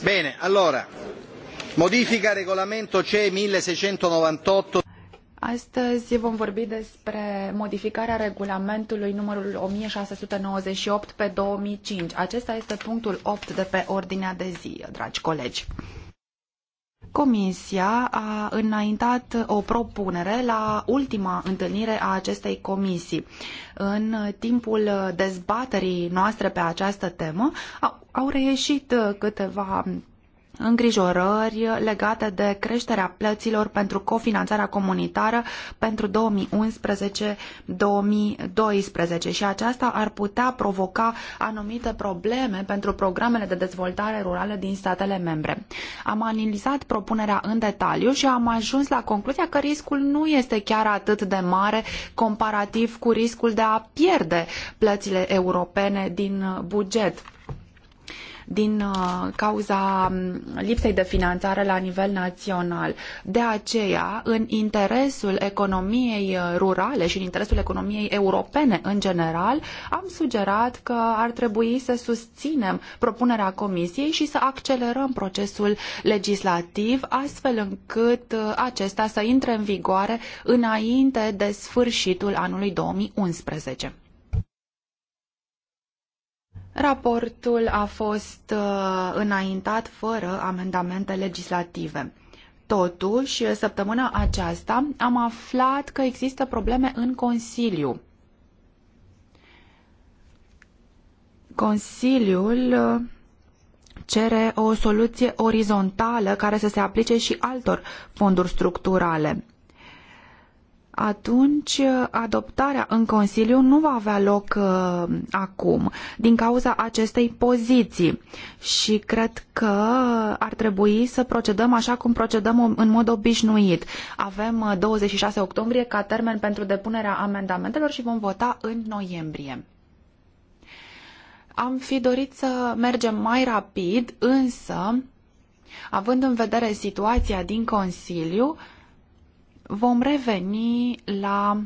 Bene, allora, modifica regolamento CE 1698. Astăzi vom vorbi despre modificarea regulamentului numărul 1698 pe 2005. Acesta este punctul 8 de pe ordinea de zi, dragi colegi. Comisia a înaintat o propunere la ultima întâlnire a acestei comisii. În timpul dezbaterii noastre pe această temă au reieșit câteva îngrijorări legate de creșterea plăților pentru cofinanțarea comunitară pentru 2011-2012 și aceasta ar putea provoca anumite probleme pentru programele de dezvoltare rurală din statele membre. Am analizat propunerea în detaliu și am ajuns la concluzia că riscul nu este chiar atât de mare comparativ cu riscul de a pierde plățile europene din buget din uh, cauza mm, lipsei de finanțare la nivel național. De aceea, în interesul economiei uh, rurale și în interesul economiei europene în general, am sugerat că ar trebui să susținem propunerea Comisiei și să accelerăm procesul legislativ astfel încât uh, acesta să intre în vigoare înainte de sfârșitul anului 2011. Raportul a fost uh, înaintat fără amendamente legislative. Totuși, săptămâna aceasta am aflat că există probleme în Consiliu. Consiliul uh, cere o soluție orizontală care să se aplice și altor fonduri structurale atunci uh, adoptarea în Consiliu nu va avea loc uh, acum din cauza acestei poziții și cred că ar trebui să procedăm așa cum procedăm în mod obișnuit. Avem 26 uh, octombrie ca termen pentru depunerea amendamentelor și vom vota în noiembrie am fi dorit să mergem mai rapid, însă, având în vedere situația din Consiliu, vom reveni la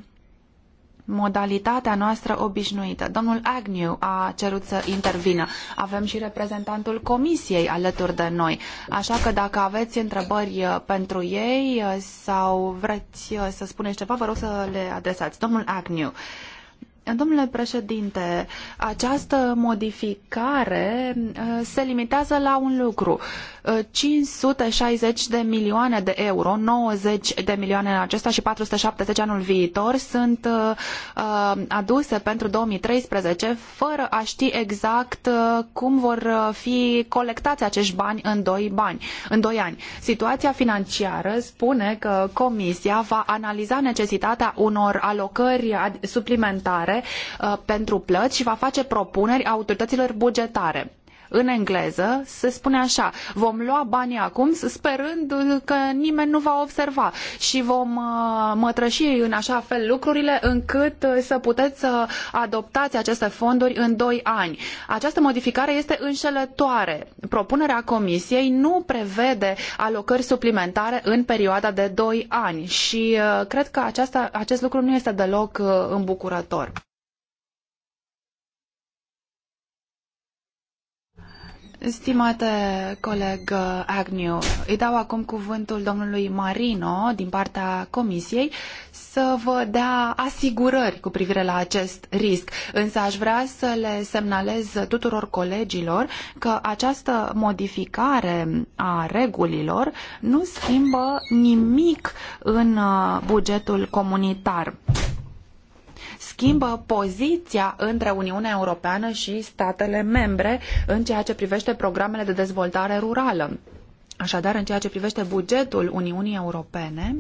modalitatea noastră obișnuită. Domnul Agnew a cerut să intervină. Avem și reprezentantul comisiei alături de noi. Așa că dacă aveți întrebări uh, pentru ei uh, sau vreți uh, să spuneți ceva, vă rog să le adresați. Domnul Agnew. Domnule președinte, această modificare se limitează la un lucru 560 de milioane de euro, 90 de milioane în acesta și 470 anul viitor sunt uh, aduse pentru 2013 fără a ști exact uh, cum vor uh, fi colectați acești bani în 2 bani, în 2 ani. Situația financiară spune că comisia va analiza necesitatea unor alocări suplimentare pentru plăți și va face propuneri autorităților bugetare în engleză se spune așa, vom lua banii acum sperând că nimeni nu va observa și vom uh, mătrăși în așa fel lucrurile încât uh, să puteți să adoptați aceste fonduri în 2 ani. Această modificare este înșelătoare. Propunerea Comisiei nu prevede alocări suplimentare în perioada de 2 ani și uh, cred că aceasta, acest lucru nu este deloc îmbucurător. Stimate coleg uh, Agnew, îi dau acum cuvântul domnului Marino din partea Comisiei să vă dea asigurări cu privire la acest risc. Însă aș vrea să le semnalez tuturor colegilor că această modificare a regulilor nu schimbă nimic în uh, bugetul comunitar schimbă poziția între Uniunea Europeană și statele membre în ceea ce privește programele de dezvoltare rurală. Așadar, în ceea ce privește bugetul Uniunii Europene,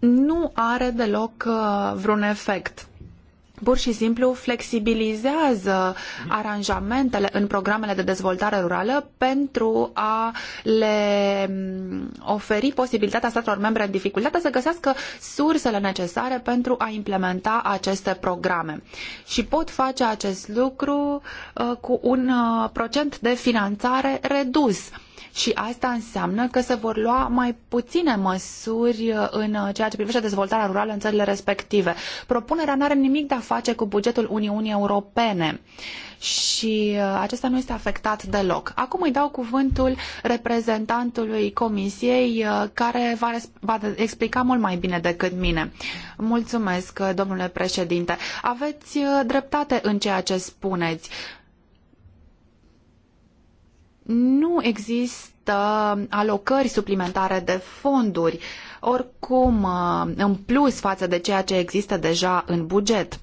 nu are deloc uh, vreun efect pur și simplu flexibilizează aranjamentele în programele de dezvoltare rurală pentru a le mm, oferi posibilitatea statelor membre în dificultate să găsească sursele necesare pentru a implementa aceste programe. Și pot face acest lucru uh, cu un uh, procent de finanțare redus și asta înseamnă că se vor lua mai puține măsuri uh, în uh, ceea ce privește dezvoltarea rurală în țările respective. Propunerea nu are nimic de a face cu bugetul Uniunii Europene și uh, acesta nu este afectat deloc. Acum îi dau cuvântul reprezentantului comisiei care va, va explica mult mai bine decât mine. Mulțumesc, domnule președinte. Aveți dreptate în ceea ce spuneți nu există alocări suplimentare de fonduri, oricum uh, în plus față de ceea ce există deja în buget.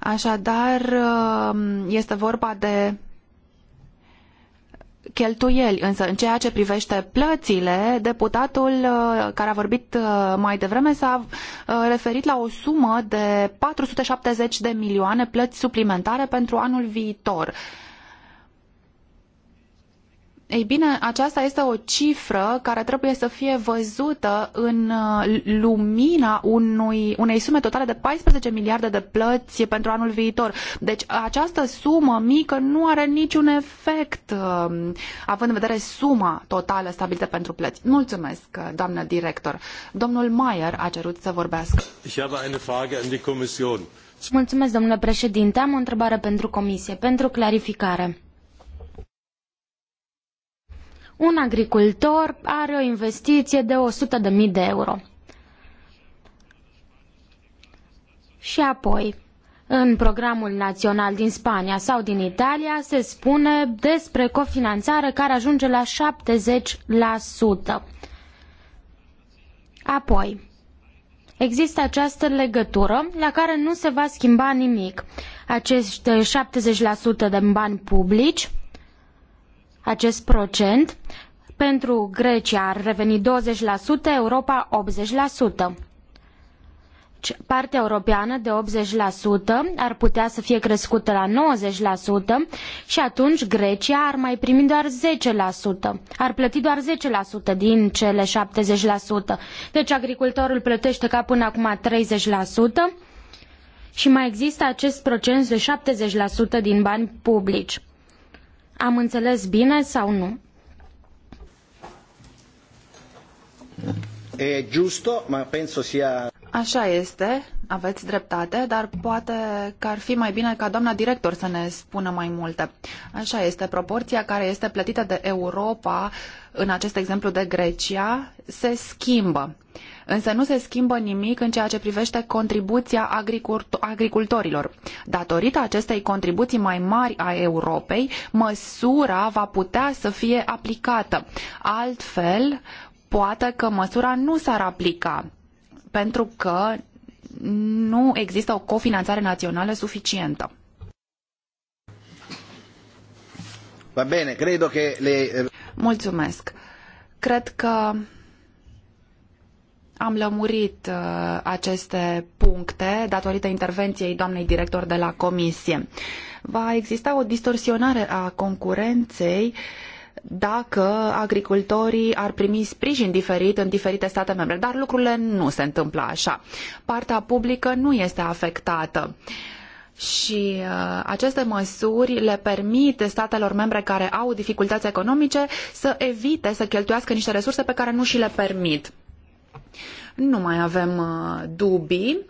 Așadar, uh, este vorba de cheltuieli, însă în ceea ce privește plățile, deputatul uh, care a vorbit mai devreme s-a referit la o sumă de 470 de milioane plăți suplimentare pentru anul viitor. Ei bine, aceasta este o cifră care trebuie să fie văzută în uh, lumina unui, unei sume totale de 14 miliarde de plăți pentru anul viitor. Deci această sumă mică nu are niciun efect, uh, având în vedere suma totală stabilită pentru plăți. Mulțumesc, uh, doamnă director. Domnul Mayer a cerut să vorbească. Mulțumesc, domnule președinte. Am o întrebare pentru comisie, pentru clarificare un agricultor are o investiție de 100.000 de euro. Și apoi, în programul național din Spania sau din Italia se spune despre cofinanțare care ajunge la 70%. Apoi, există această legătură la care nu se va schimba nimic. Acești 70% de bani publici acest procent. Pentru Grecia ar reveni 20%, Europa 80%. Partea europeană de 80% ar putea să fie crescută la 90% și atunci Grecia ar mai primi doar 10%. Ar plăti doar 10% din cele 70%. Deci agricultorul plătește ca până acum 30% și mai există acest procent de 70% din bani publici. Am înțeles bine sau nu? E giusto, ma penso sia... Așa este, aveți dreptate, dar poate că ar fi mai bine ca doamna director să ne spună mai multe. Așa este, proporția care este plătită de Europa, în acest exemplu de Grecia, se schimbă. Uh, însă nu se schimbă nimic în ceea ce privește contribuția agricultorilor. Datorită acestei contribuții mai mari a Europei, măsura va putea să fie aplicată. Altfel, poate că măsura nu s-ar aplica pentru că nu există o cofinanțare națională suficientă. Va bene, credo che le... Mulțumesc. Cred că am lămurit uh, aceste puncte datorită intervenției doamnei director de la Comisie. Va exista o distorsionare a concurenței dacă agricultorii ar primi sprijin diferit în diferite state membre, dar lucrurile nu se întâmplă așa. Partea publică nu este afectată și uh, aceste măsuri le permit statelor membre care au dificultăți economice să evite să cheltuiască niște resurse pe care nu și le permit. Nu mai avem uh, dubii.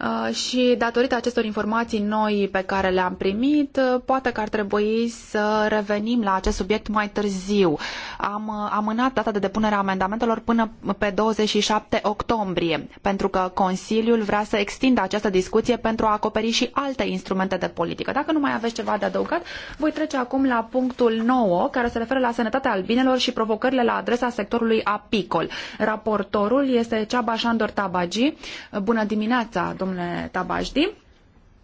Uh, și datorită acestor informații noi pe care le-am primit, uh, poate că ar trebui să revenim la acest subiect mai târziu. Am uh, amânat data de depunere a amendamentelor până pe 27 octombrie, pentru că Consiliul vrea să extindă această discuție pentru a acoperi și alte instrumente de politică. Dacă nu mai aveți ceva de adăugat, voi trece acum la punctul 9, care se referă la sănătatea albinelor și provocările la adresa sectorului apicol. Raportorul este Ceaba Șandor Tabagi. Bună dimineața, domnule Tabajdi.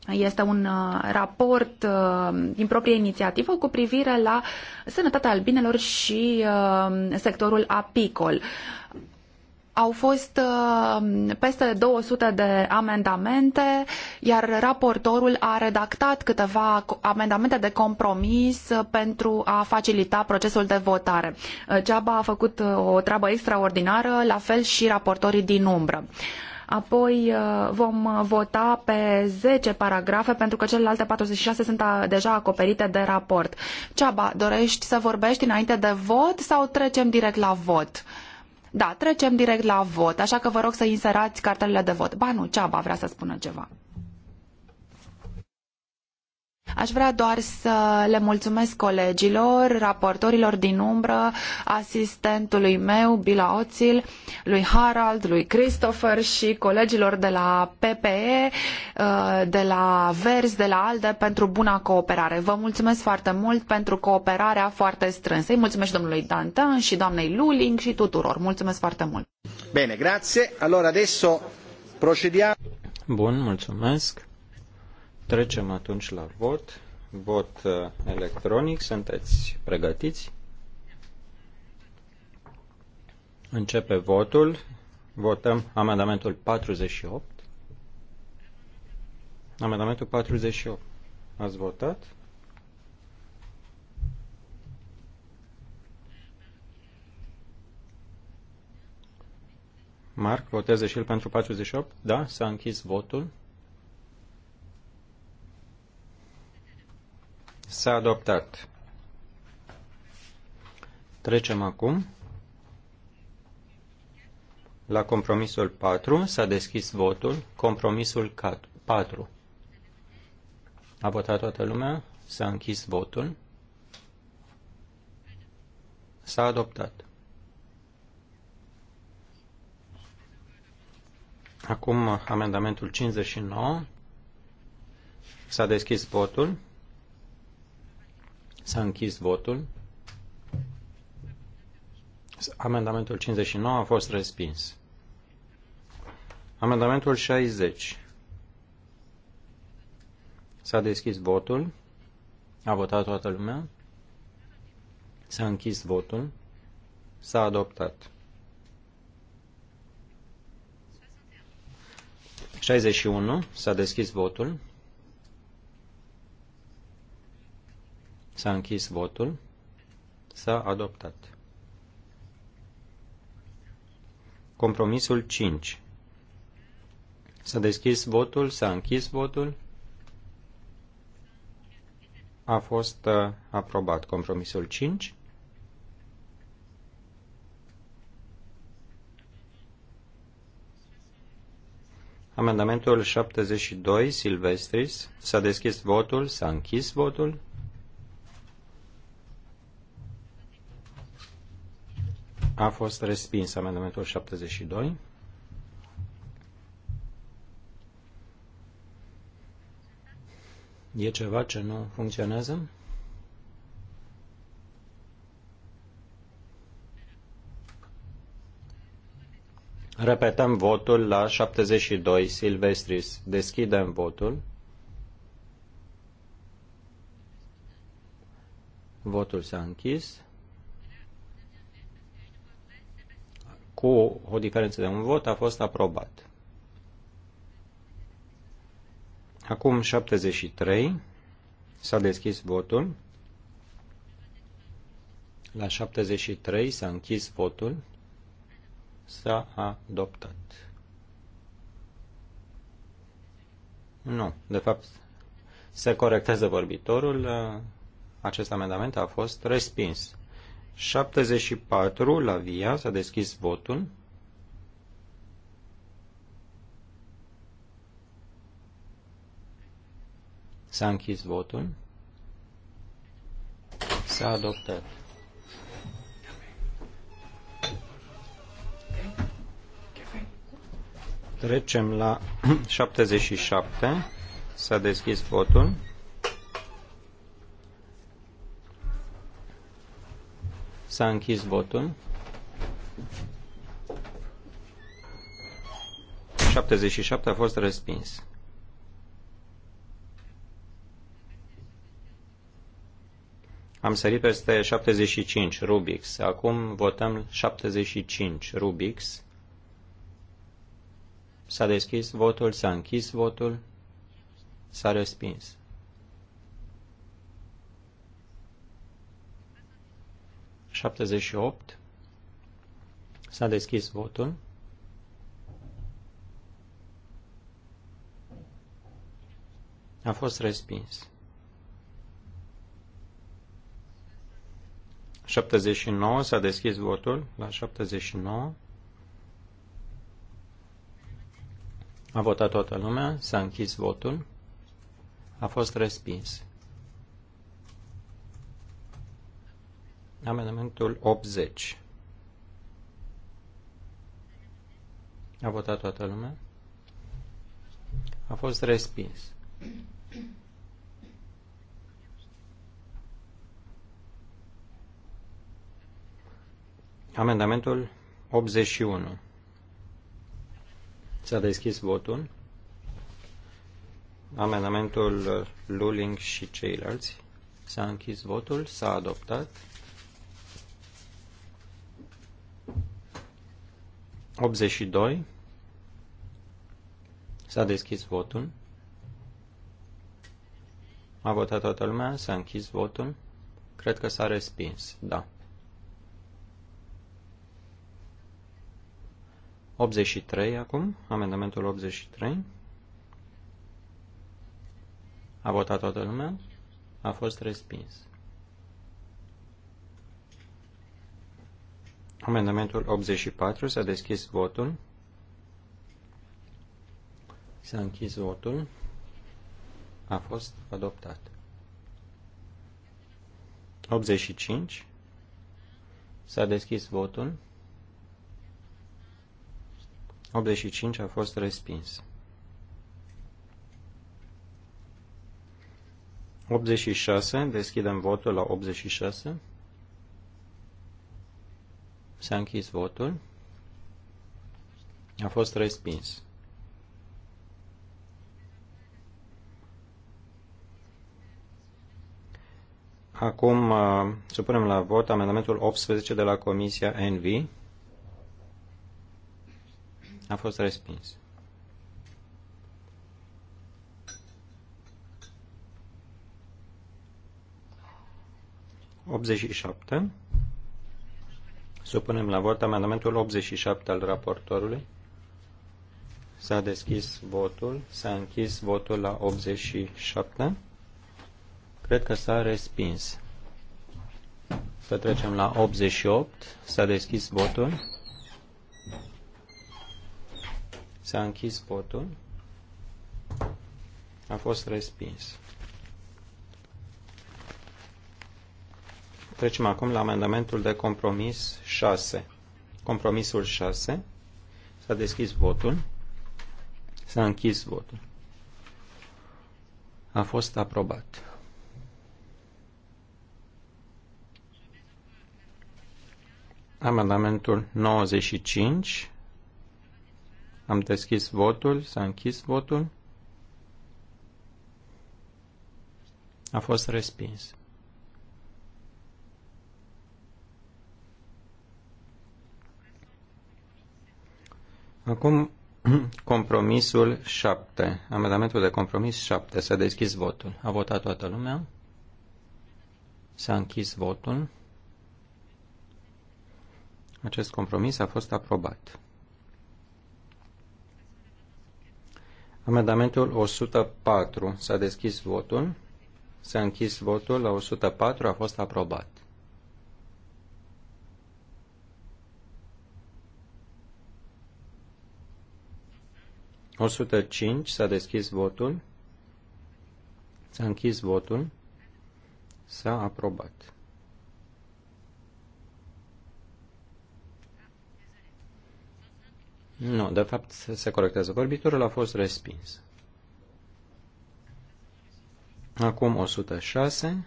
Este un uh, raport uh, din proprie inițiativă cu privire la sănătatea albinelor și uh, sectorul apicol. Au fost peste 200 de amendamente, iar raportorul a redactat câteva amendamente de compromis pentru a facilita procesul de votare. Ceaba a făcut o treabă extraordinară, la fel și raportorii din umbră. Apoi uh, vom uh, vota pe 10 paragrafe pentru că celelalte 46 sunt uh, deja acoperite de raport. Ceaba, dorești să vorbești înainte de vot sau trecem direct la vot? Da, trecem direct la vot, așa că vă rog să inserați cartelele de vot. Ba nu, Ceaba vrea să spună ceva. Aș vrea doar să le mulțumesc colegilor, raportorilor din umbră, asistentului meu, Bila Oțil, lui Harald, lui Christopher și colegilor de la PPE, uh, de la Vers, de la ALDE pentru buna cooperare. Vă mulțumesc foarte mult pentru cooperarea foarte strânsă. Îi mulțumesc domnului Dantan și doamnei Luling și tuturor. Mulțumesc foarte mult. Bine, grație. Allora adesso procediamo. Bun, mulțumesc. Trecem atunci la vot. Vot uh, electronic. Sunteți pregătiți? Începe votul. Votăm amendamentul 48. Amendamentul 48. Ați votat? Marc, voteze și el pentru 48? Da, s-a închis votul. S-a adoptat. Trecem acum la compromisul 4. S-a deschis votul. Compromisul 4. A votat toată lumea. S-a închis votul. S-a adoptat. Acum amendamentul 59. S-a deschis votul. S-a închis votul. Amendamentul 59 a fost respins. Amendamentul 60. S-a deschis votul. A votat toată lumea. S-a închis votul. S-a adoptat. 61. S-a deschis votul. S-a închis votul. S-a adoptat. Compromisul 5. S-a deschis votul, s-a închis votul. A fost uh, aprobat compromisul 5. Amendamentul 72, Silvestris. S-a deschis votul, s-a închis votul. A fost respins amendamentul 72. E ceva ce nu funcționează? Repetăm votul la 72, Silvestris. Deschidem votul. Votul s-a închis. cu o diferență de un vot, a fost aprobat. Acum 73. S-a deschis votul. La 73 s-a închis votul. S-a adoptat. Nu, de fapt, se corectează vorbitorul. Acest amendament a fost respins. 74 la via, s-a deschis votul. S-a închis votul. S-a adoptat. Trecem la 77. S-a deschis votul. S-a închis votul. 77 a fost respins. Am sărit peste 75 Rubix. Acum votăm 75 Rubix. S-a deschis votul, s-a închis votul, s-a respins. 78. S-a deschis votul. A fost respins. 79, s-a deschis votul la 79. A votat toată lumea, s-a închis votul, a fost respins. Amendamentul 80. A votat toată lumea? A fost respins. Amendamentul 81. S-a deschis votul. Amendamentul Luling și ceilalți. S-a închis votul, s-a adoptat. 82. S-a deschis votul. A votat toată lumea, s-a închis votul. Cred că s-a respins, da. 83 acum, amendamentul 83. A votat toată lumea, a fost respins. Amendamentul 84 s-a deschis votul. S-a închis votul. A fost adoptat. 85 s-a deschis votul. 85 a fost respins. 86, deschidem votul la 86. S-a închis votul. A fost respins. Acum uh, supunem la vot amendamentul 18 de la Comisia NV. A fost respins. Optzeci Supunem la vot amendamentul 87 al raportorului. S-a deschis votul, s-a închis votul la 87. Cred că s-a respins. Să trecem la 88. S-a deschis votul. S-a închis votul. A fost respins. Trecem acum la amendamentul de compromis 6. Compromisul 6. S-a deschis votul. S-a închis votul. A fost aprobat. Amendamentul 95. Am deschis votul, s-a închis votul. A fost respins. Acum compromisul 7. Amendamentul de compromis 7. S-a deschis votul. A votat toată lumea. S-a închis votul. Acest compromis a fost aprobat. Amendamentul 104. S-a deschis votul. S-a închis votul la 104. A fost aprobat. 105 s-a deschis votul. S-a închis votul. S-a aprobat. Nu, de fapt se corectează. Vorbitorul a fost respins. Acum 106.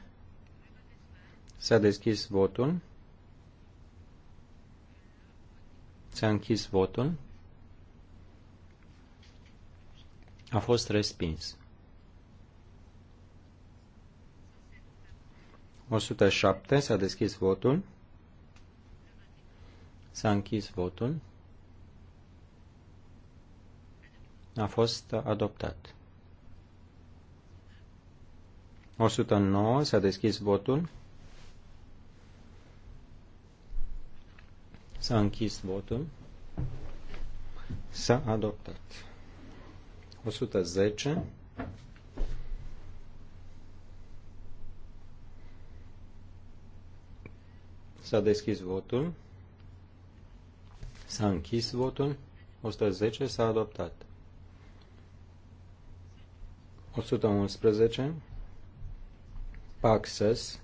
S-a deschis votul. S-a închis votul. A fost respins. 107. S-a deschis votul. S-a închis votul. A fost adoptat. 109. S-a deschis votul. S-a închis votul. S-a adoptat. 110. S-a deschis votul. S-a închis votul. 110 s-a adoptat. 111. Paxas.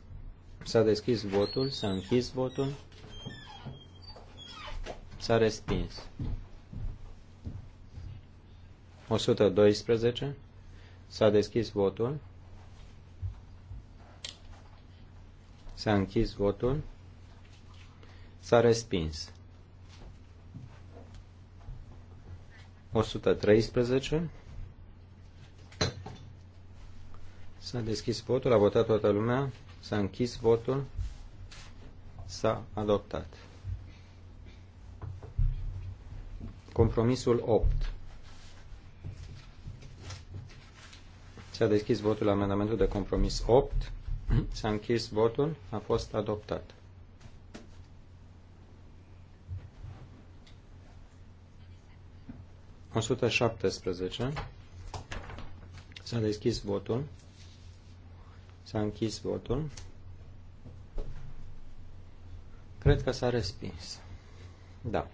S-a deschis votul, s-a închis votul, s-a respins. 112. S-a deschis votul. S-a închis votul. S-a respins. 113. S-a deschis votul, a votat toată lumea, s-a închis votul, s-a adoptat. Compromisul 8. S-a deschis votul la amendamentul de compromis 8. S-a închis votul. A fost adoptat. S-a deschis votul. S-a închis votul. Cred că s-a respins. Da.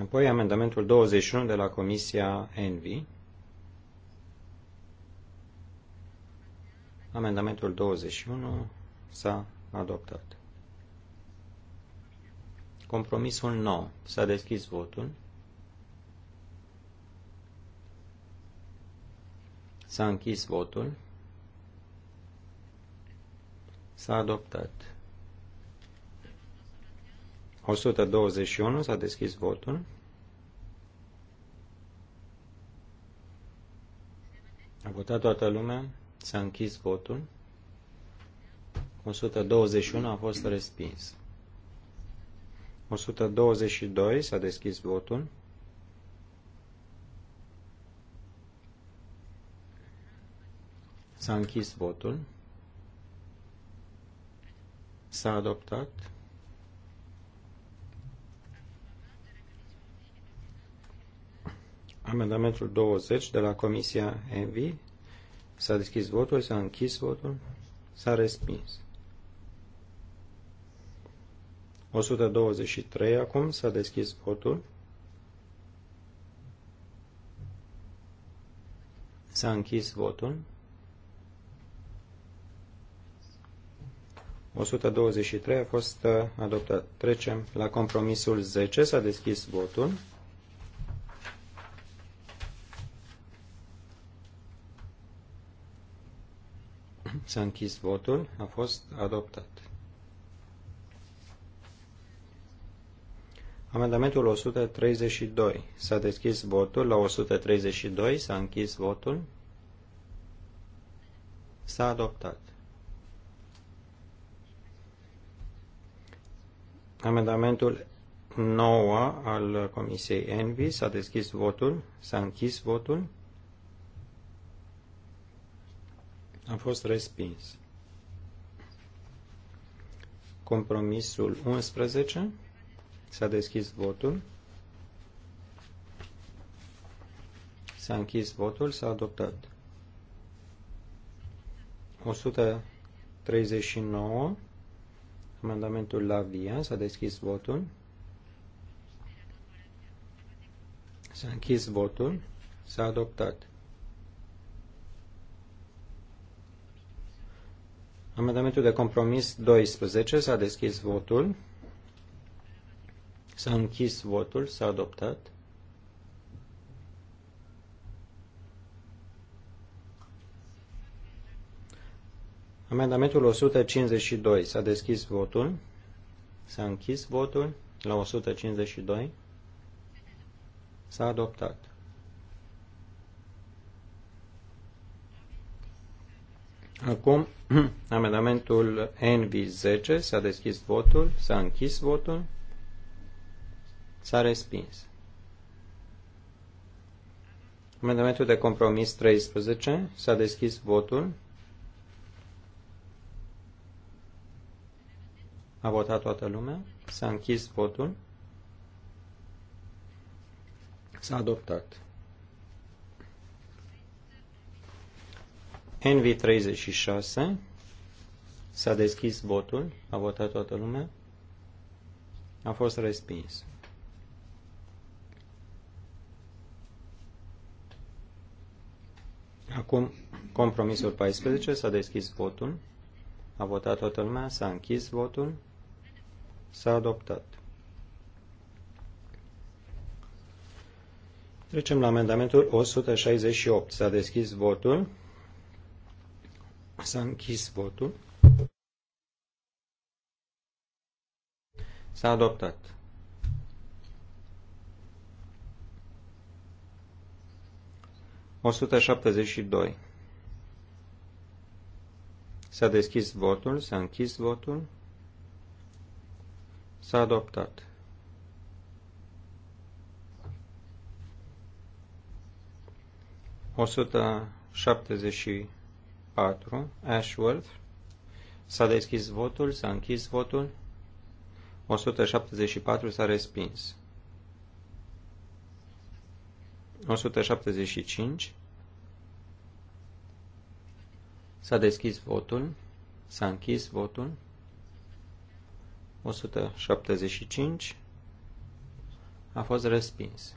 Apoi amendamentul 21 de la Comisia Envi. Amendamentul 21 s-a adoptat. Compromisul 9. S-a deschis votul. S-a închis votul. S-a adoptat. 121 s-a deschis votul. A votat toată lumea, s-a închis votul. 121 a fost respins. 122 s-a deschis votul. S-a închis votul. S-a adoptat. Amendamentul 20 de la Comisia ENVI. S-a deschis votul, s-a închis votul, s-a respins. 123 acum, s-a deschis votul. S-a închis votul. 123 a fost uh, adoptat. Trecem la compromisul 10. S-a deschis votul. S-a închis votul, a fost adoptat. Amendamentul 132. S-a deschis votul la 132, s-a închis votul, s-a adoptat. Amendamentul 9 al Comisiei Envi s-a deschis votul, s-a închis votul, a fost respins. Compromisul 11 s-a deschis votul. S-a închis votul, s-a adoptat. 139, amendamentul la via, s-a deschis votul. S-a închis votul, s-a adoptat. Amendamentul de compromis 12 s-a deschis votul. S-a închis votul, s-a adoptat. Amendamentul 152. S-a deschis votul. S-a închis votul la 152. S-a adoptat. Acum, amendamentul NV10, s-a deschis votul, s-a închis votul, s-a respins. Amendamentul de compromis 13, s-a deschis votul, a votat toată lumea, s-a închis votul, s-a adoptat. NV36. S-a deschis votul. A votat toată lumea. A fost respins. Acum, compromisul 14. S-a deschis votul. A votat toată lumea. S-a închis votul. S-a adoptat. Trecem la amendamentul 168. S-a deschis votul. S-a închis votul. S-a adoptat. O sută șaptezeci și doi. S-a deschis votul, s-a închis votul, s-a adoptat. O sută șaptezeci și 4, Ashworth. S-a deschis votul, s-a închis votul. 174 s-a respins. 175. S-a deschis votul, s-a închis votul. 175 a fost respins.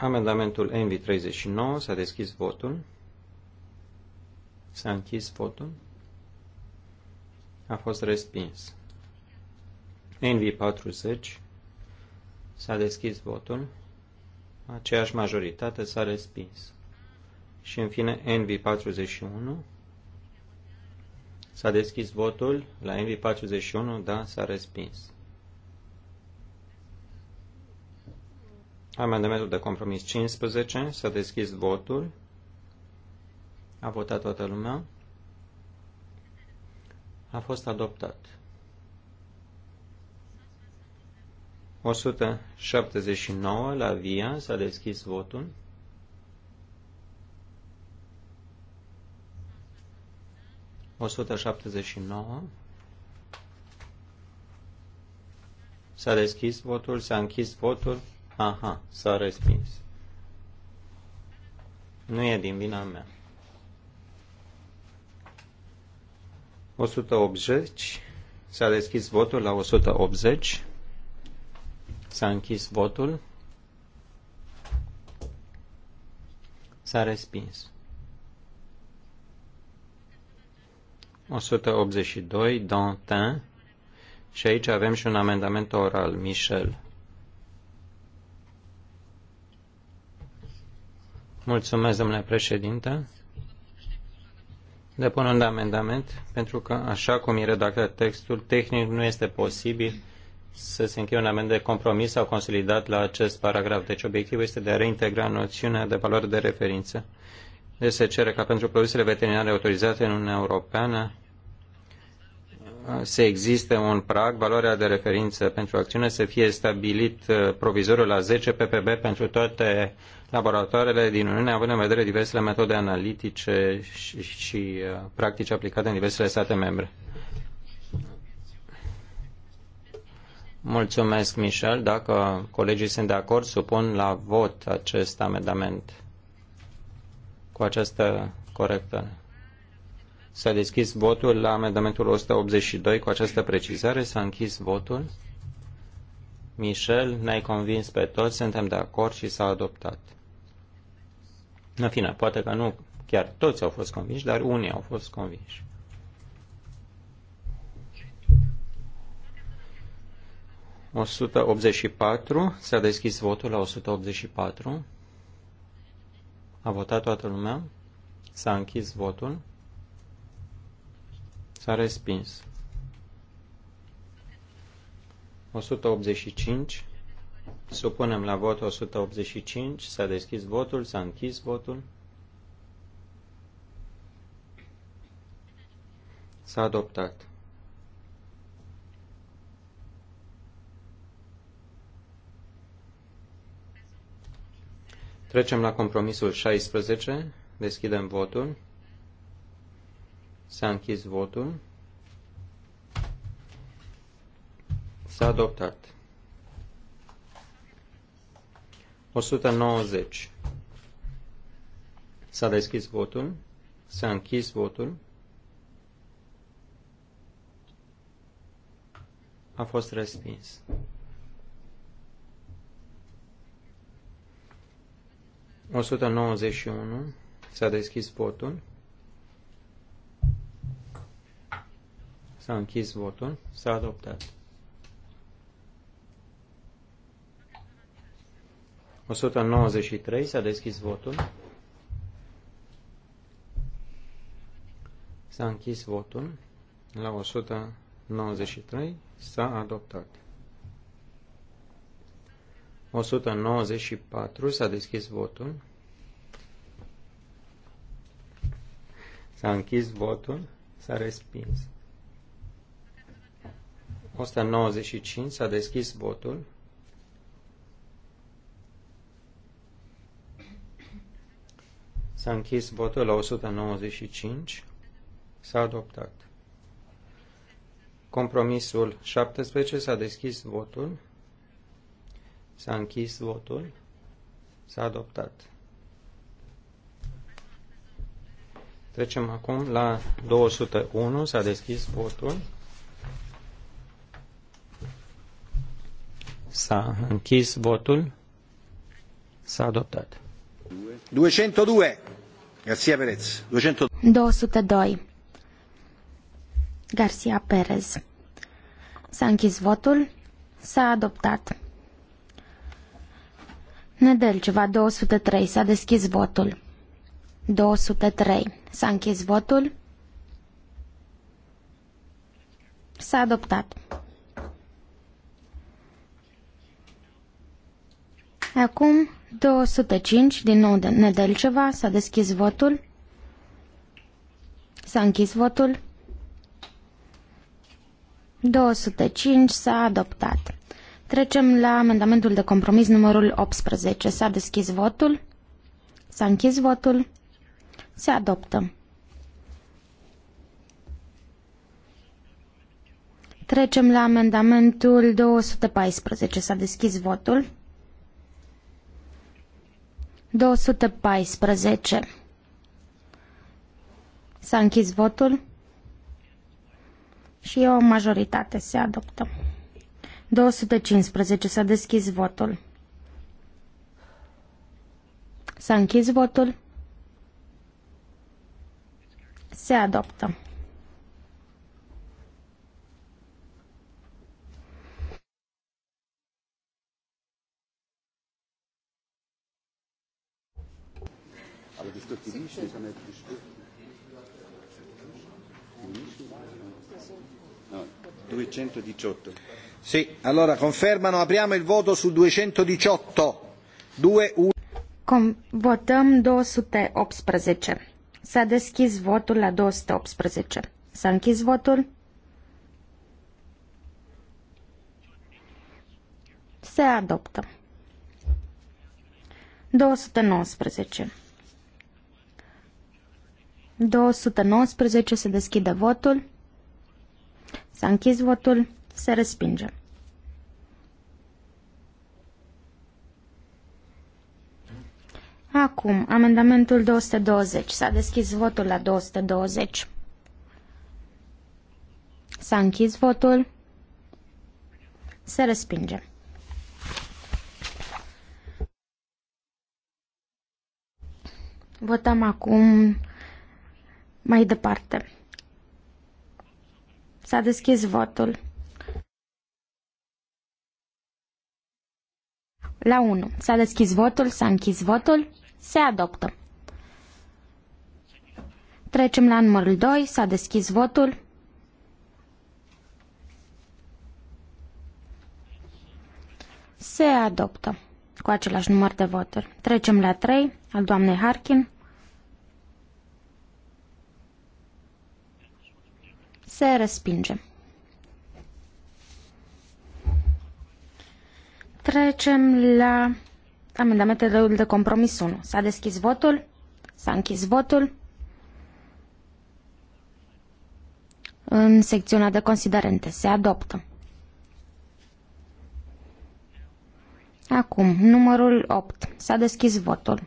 Amendamentul NV39 s-a deschis votul. S-a închis votul. A fost respins. NV40 s-a deschis votul. Aceeași majoritate s-a respins. Și în fine NV41 s-a deschis votul la NV41, da, s-a respins. Amendamentul de compromis 15. S-a deschis votul. A votat toată lumea. A fost adoptat. 179 la via s-a deschis votul. O 179 s-a deschis votul, s-a închis votul. Aha, s-a respins. Nu e din vina mea. 180. S-a deschis votul la 180. S-a închis votul. S-a respins. 182, Dantin. Și aici avem și un amendament oral, Michel. Mulțumesc, domnule președinte. Depun un amendament pentru că, așa cum e redactat textul, tehnic nu este posibil să se încheie un amendament de compromis sau consolidat la acest paragraf. Deci obiectivul este de a reintegra noțiunea de valoare de referință. Deci se cere ca pentru produsele veterinare autorizate în Uniunea Europeană să existe un prag, valoarea de referință pentru acțiune să fie stabilit uh, provizorul la 10 ppb pentru toate laboratoarele din Uniune, având în vedere diversele metode analitice și, și uh, practici aplicate în diversele state membre. Mulțumesc, Michel. Dacă colegii sunt de acord, supun la vot acest amendament cu această corectare. S-a deschis votul la amendamentul 182 cu această precizare. S-a închis votul. Michel, ne-ai convins pe toți, suntem de acord și s-a adoptat. În fine, poate că nu chiar toți au fost convinși, dar unii au fost convinși. ...184, s-a deschis votul la 184, a votat toată lumea, s-a închis votul, s-a respins. 185, Supunem la vot 185. S-a deschis votul, s-a închis votul. S-a adoptat. Trecem la compromisul 16. Deschidem votul. S-a închis votul. S-a adoptat. 190. S-a deschis votul. S-a închis votul. A fost respins. O sută nouăzeci și unu. S-a deschis votul. S-a închis votul. S-a adoptat. 193. S-a deschis votul. S-a închis votul. La 193 s-a adoptat. 194 s-a deschis votul. S-a închis votul. S-a respins. 195 s-a deschis votul. S-a închis votul la 195. S-a adoptat. Compromisul 17 s-a deschis votul. S-a închis votul. S-a adoptat. Trecem acum la 201. S-a deschis votul. S-a închis votul. S-a adoptat. 202. Garcia Perez. 202. 202. Garcia Perez. S-a închis votul. S-a adoptat. ceva 203. S-a deschis votul. 203. S-a închis votul. S-a adoptat. Acum 205 din nou de Nedelceva. S-a deschis votul. S-a închis votul. 205 s-a adoptat. Trecem la amendamentul de compromis numărul 18. S-a deschis votul. S-a închis votul. Se adoptă. Trecem la amendamentul 214. S-a deschis votul. 214. S-a închis votul și o majoritate se adoptă. 215. S-a deschis votul. S-a închis votul. Se adoptă. No, 218. Sì, allora confermano, apriamo il voto su 218. 2, 1. Com- votăm 218. S-a deschis votul la 218. S-a închis votul? Se adoptă. 219. 219 se deschide votul. S-a închis votul. Se respinge. Acum, amendamentul 220. S-a deschis votul la 220. S-a închis votul. Se respinge. Votăm acum mai departe. S-a deschis votul. La 1. S-a deschis votul, s-a închis votul, se adoptă. Trecem la numărul 2, s-a deschis votul. Se adoptă cu același număr de voturi. Trecem la 3, al doamnei Harkin. Se respinge. Trecem la amendamentele de compromis 1. S-a deschis votul. S-a închis votul. În secțiunea de considerente se adoptă. Acum, numărul 8. S-a deschis votul.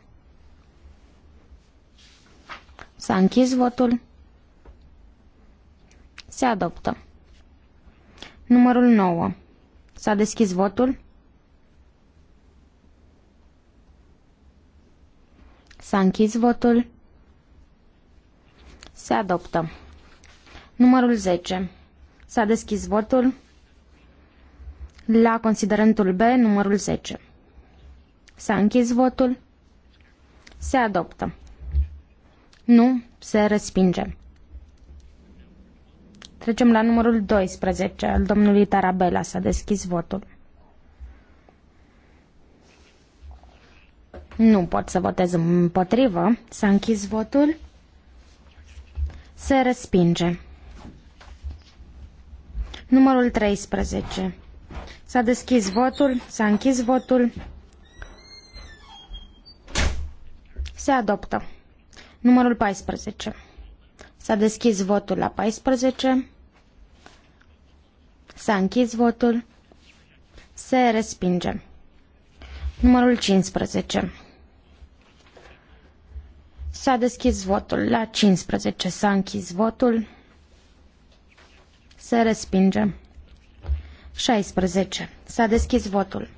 S-a închis votul. Se adoptă. Numărul 9. S-a deschis votul. S-a închis votul. Se adoptă. Numărul 10. S-a deschis votul la considerentul B, numărul 10. S-a închis votul. Se adoptă. Nu, se respinge. Trecem la numărul 12 al domnului Tarabella. S-a deschis votul. Nu pot să votez împotrivă. S-a închis votul. Se respinge. Numărul 13. S-a deschis votul, s-a închis votul. Se adoptă. Numărul 14. S-a deschis votul la 14. S-a închis votul. Se respinge. Numărul 15. S-a deschis votul. La 15 s-a închis votul. Se respinge. 16. S-a deschis votul.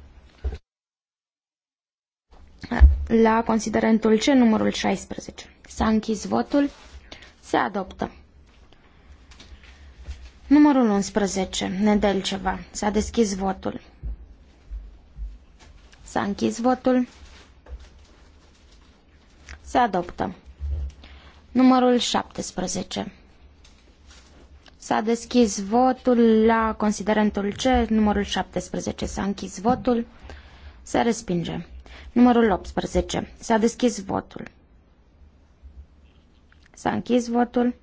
La considerentul C, numărul 16. S-a închis votul. Se adoptă. Numărul 11. Nedelceva. S-a deschis votul. S-a închis votul. Se adoptă. Numărul 17. S-a deschis votul la considerentul C, numărul 17. S-a închis votul. Se respinge. Numărul 18. S-a deschis votul. S-a închis votul.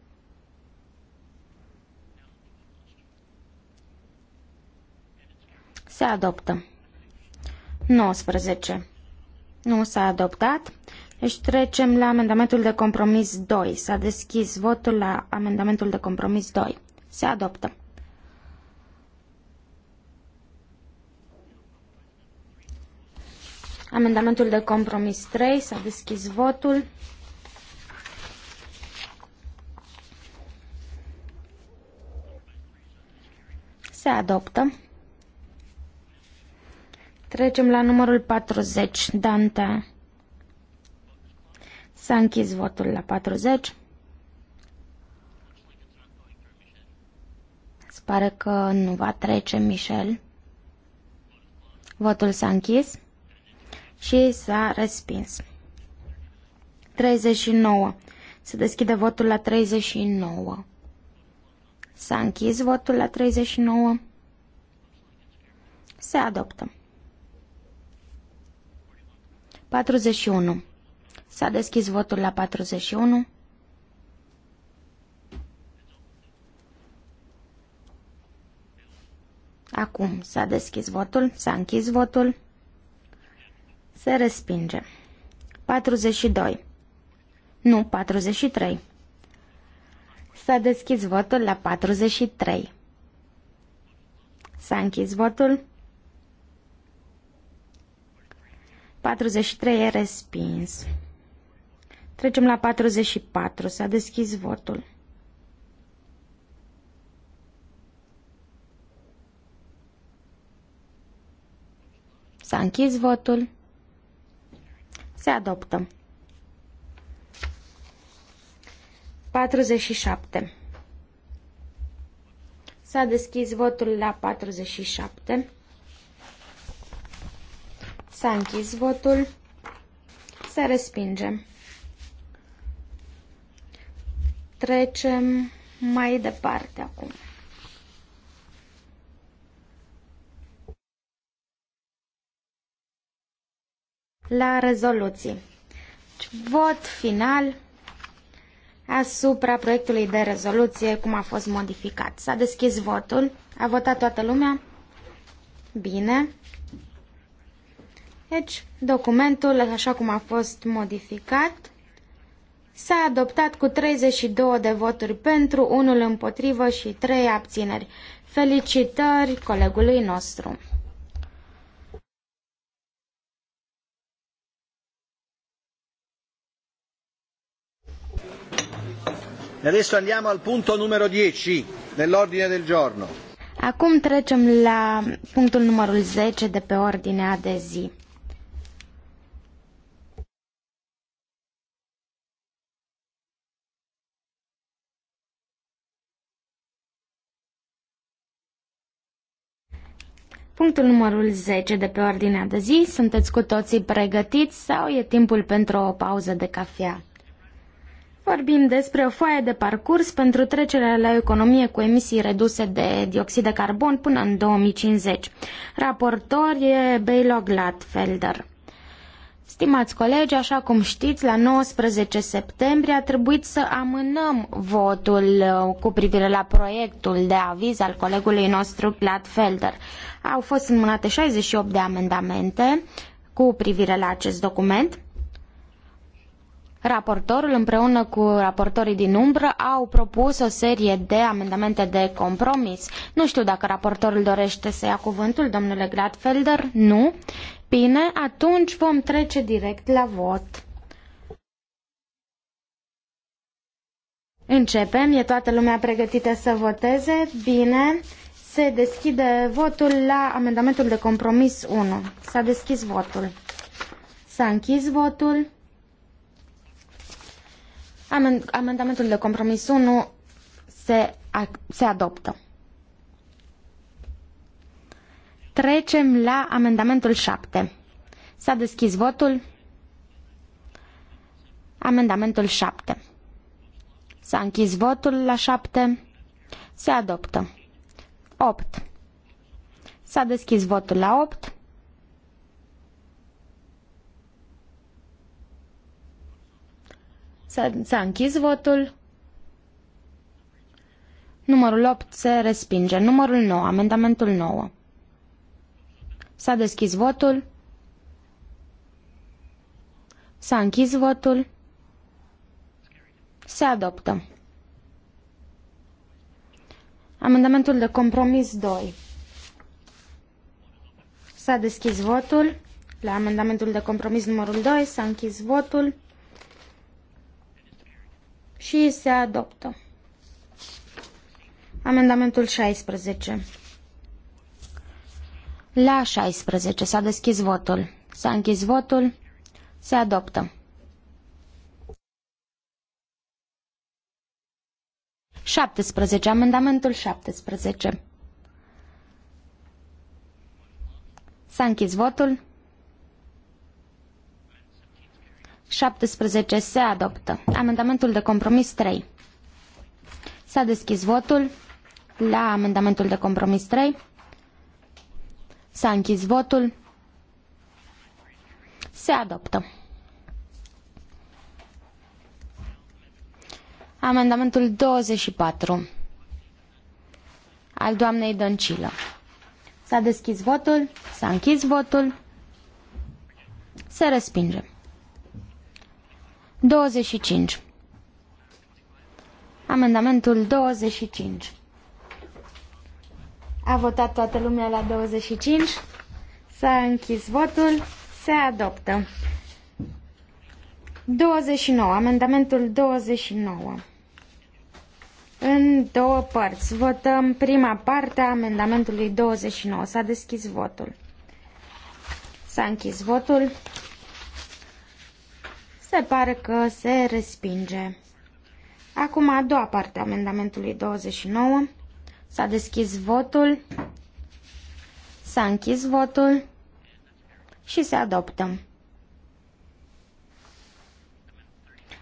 Se adoptă. 19. Nu s-a adoptat. Deci trecem la amendamentul de compromis 2. S-a deschis votul la amendamentul de compromis 2. Se adoptă. Amendamentul de compromis 3. S-a deschis votul. Se adoptă. Trecem la numărul 40, Dante. S-a închis votul la 40. Se pare că nu va trece Michel. Votul s-a închis și s-a respins. 39. Se deschide votul la 39. S-a închis votul la 39. Se adoptă. 41. S-a deschis votul la 41. Acum s-a deschis votul, s-a închis votul. Se respinge. 42. Nu, 43. S-a deschis votul la 43. S-a închis votul. 43 e respins. Trecem la 44. S-a deschis votul. S-a închis votul. Se adoptă. 47. S-a deschis votul la 47. S-a închis votul. Se respinge. Trecem mai departe acum. La rezoluții. Vot final asupra proiectului de rezoluție, cum a fost modificat. S-a deschis votul. A votat toată lumea? Bine. Deci, documentul, așa cum a fost modificat, s-a adoptat cu 32 de voturi pentru, unul împotrivă și 3 abțineri. Felicitări colegului nostru! Adesso andiamo al punto numero 10 dell'ordine del giorno. Acum trecem la punctul numărul 10 de pe ordinea de zi. Punctul numărul 10 de pe ordinea de zi. Sunteți cu toții pregătiți sau e timpul pentru o pauză de cafea? Vorbim despre o foaie de parcurs pentru trecerea la o economie cu emisii reduse de dioxid de carbon până în 2050. Raportor e Beilog Gladfelder. Stimați colegi, așa cum știți, la 19 septembrie a trebuit să amânăm votul uh, cu privire la proiectul de aviz al colegului nostru Gladfelder. Au fost înmânate 68 de amendamente cu privire la acest document. Raportorul împreună cu raportorii din umbră au propus o serie de amendamente de compromis. Nu știu dacă raportorul dorește să ia cuvântul, domnule Gladfelder, nu. Bine, atunci vom trece direct la vot. Începem, e toată lumea pregătită să voteze. Bine, se deschide votul la amendamentul de compromis 1. S-a deschis votul. S-a închis votul. Amendamentul de compromis 1 se, se adoptă. Trecem la amendamentul 7. S-a deschis votul. Amendamentul 7. S-a închis votul la 7. Se adoptă. 8. S-a deschis votul la 8. S-a închis votul. Numărul 8 se respinge. Numărul 9, amendamentul 9. S-a deschis votul. S-a închis votul. Se adoptă. Amendamentul de compromis 2. S-a deschis votul. La amendamentul de compromis numărul 2 s-a închis votul și se adoptă. Amendamentul 16. La 16 s-a deschis votul. S-a închis votul. Se adoptă. 17. Amendamentul 17. S-a închis votul. 17 se adoptă. Amendamentul de compromis 3. S-a deschis votul la amendamentul de compromis 3. S-a închis votul. Se adoptă. Amendamentul 24 al doamnei Dăncilă. S-a deschis votul, s-a închis votul, se respinge. 25. Amendamentul 25. A votat toată lumea la 25. S-a închis votul. Se adoptă. 29. Amendamentul 29. În două părți. Votăm prima parte a amendamentului 29. S-a deschis votul. S-a închis votul. Se pare că se respinge. Acum a doua parte a amendamentului 29. S-a deschis votul. S-a închis votul și se adoptă.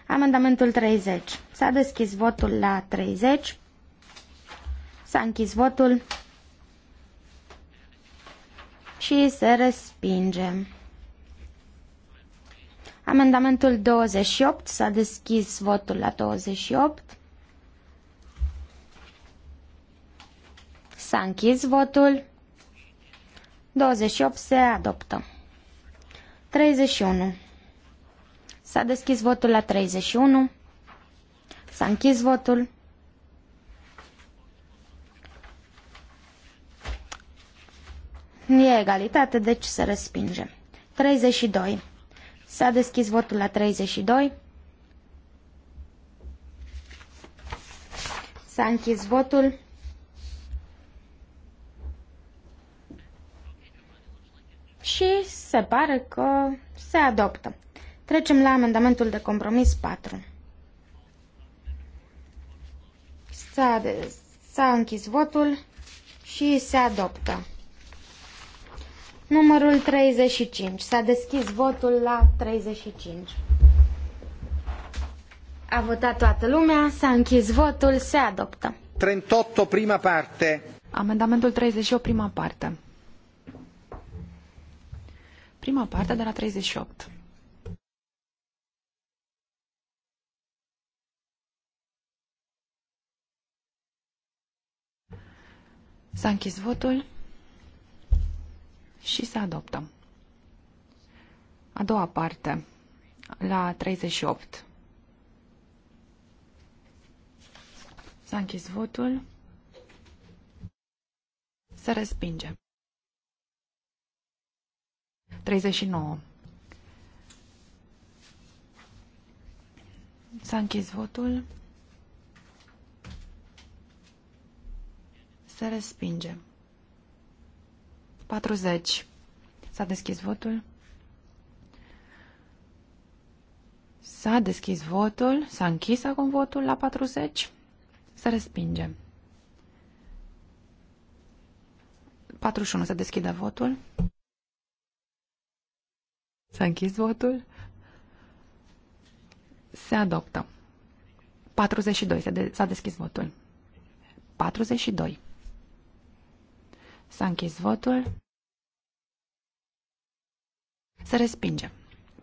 Amendamentul 30. S-a deschis votul la 30. S-a închis votul și se respinge. Amendamentul 28, s-a deschis votul la 28. S-a închis votul. 28 se adoptă. 31. S-a deschis votul la 31. S-a închis votul. E egalitate, deci se respinge. 32. S-a deschis votul la 32. S-a închis votul. Și se pare că se adoptă. Trecem la amendamentul de compromis 4. S-a, închis votul și se adoptă. Numărul 35. S-a deschis votul la 35. A votat toată lumea, s-a închis votul, se adoptă. 38, prima parte. Amendamentul 38, prima parte. Prima parte de la 38. S-a închis votul și se adoptă. A doua parte, la 38. S-a închis votul. Se respinge. 39. S-a închis votul. Se respinge. 40. S-a deschis votul. S-a deschis votul. S-a închis acum votul la 40. Să respingem. 41. Se deschide votul. S-a închis votul. Se adoptă. 42. S-a deschis votul. 42. S-a închis votul. Se respinge.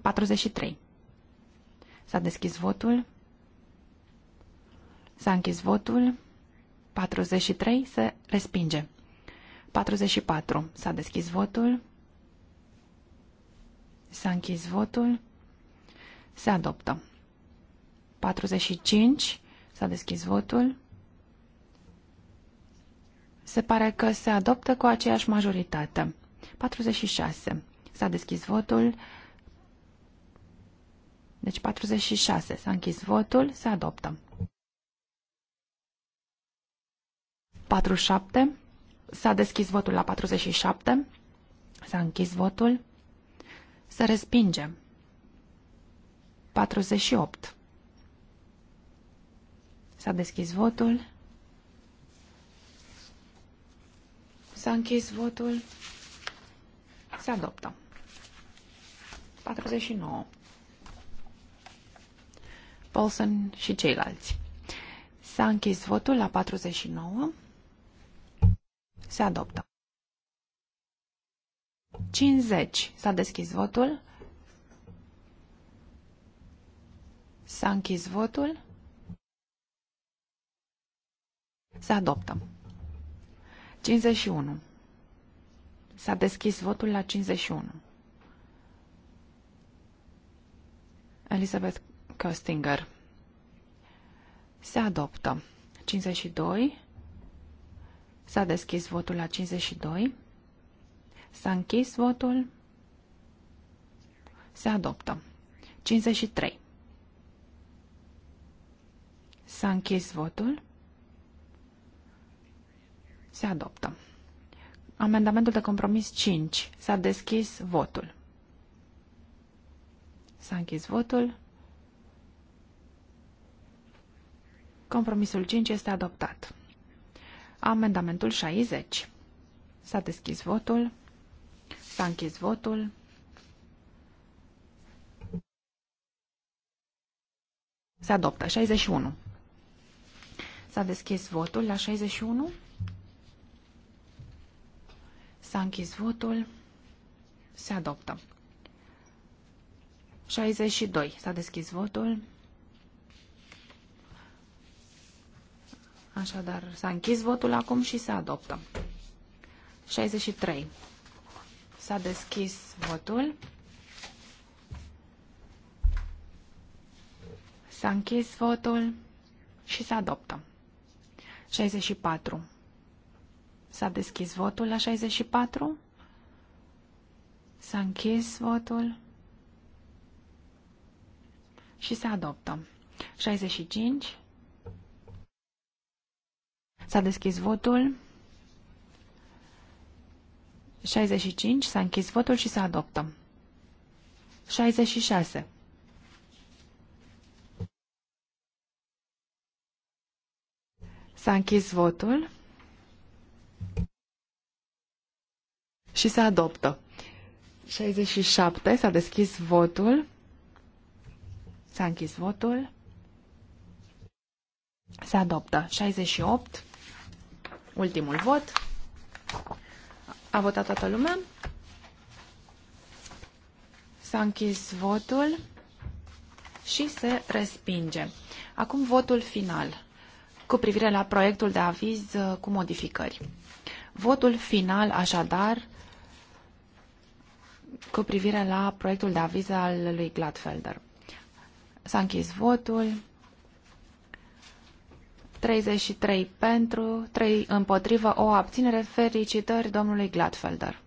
43. S-a deschis votul. S-a închis votul. 43. Se respinge. 44. S-a deschis votul. S-a închis votul. Se adoptă. 45. S-a deschis votul. Se pare că se adoptă cu aceeași majoritate. 46. S-a deschis votul. Deci 46. S-a închis votul. Se adoptă. 47. S-a deschis votul la 47. S-a închis votul. Se respinge. 48. S-a deschis votul. S-a închis votul. Se adoptă. 49. Paulson și ceilalți. S-a închis votul la 49. Se adoptă. 50. S-a deschis votul. S-a închis votul. Se adoptă. 51. S-a deschis votul la 51. Elizabeth Köstinger. Se adoptă. 52. S-a deschis votul la 52. S-a închis votul. Se adoptă. 53. S-a închis votul. Se adoptă. Amendamentul de compromis 5. S-a deschis votul. S-a închis votul. Compromisul 5 este adoptat. Amendamentul 60. S-a deschis votul. S-a închis votul. Se adoptă. 61. S-a deschis votul la 61. S-a închis votul. Se adoptă. 62. S-a deschis votul. Așadar, s-a închis votul acum și se adoptă. 63. S-a deschis votul. S-a închis votul și se adoptă. 64. S-a deschis votul la 64. S-a închis votul și se adoptă. 65. S-a deschis votul. 65. S-a închis votul și se adoptă. 66. S-a închis votul și se adoptă. 67. S-a deschis votul. S-a închis votul. Se adoptă. 68. Ultimul vot. A votat toată lumea. S-a închis votul și se respinge. Acum votul final cu privire la proiectul de aviz uh, cu modificări. Votul final, așadar, cu privire la proiectul de aviz al lui Gladfelder. S-a închis votul. 33 pentru, 3 împotrivă, o abținere. Felicitări domnului Gladfelder.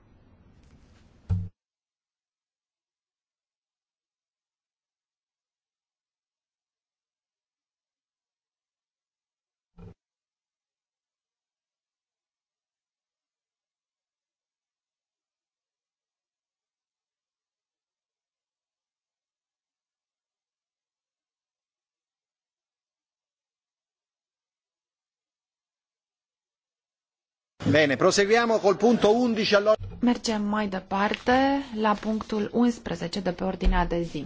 Bine, proseguiamo col punto 11 allora. Mergem mai departe la punctul 11 de pe ordinea de zi.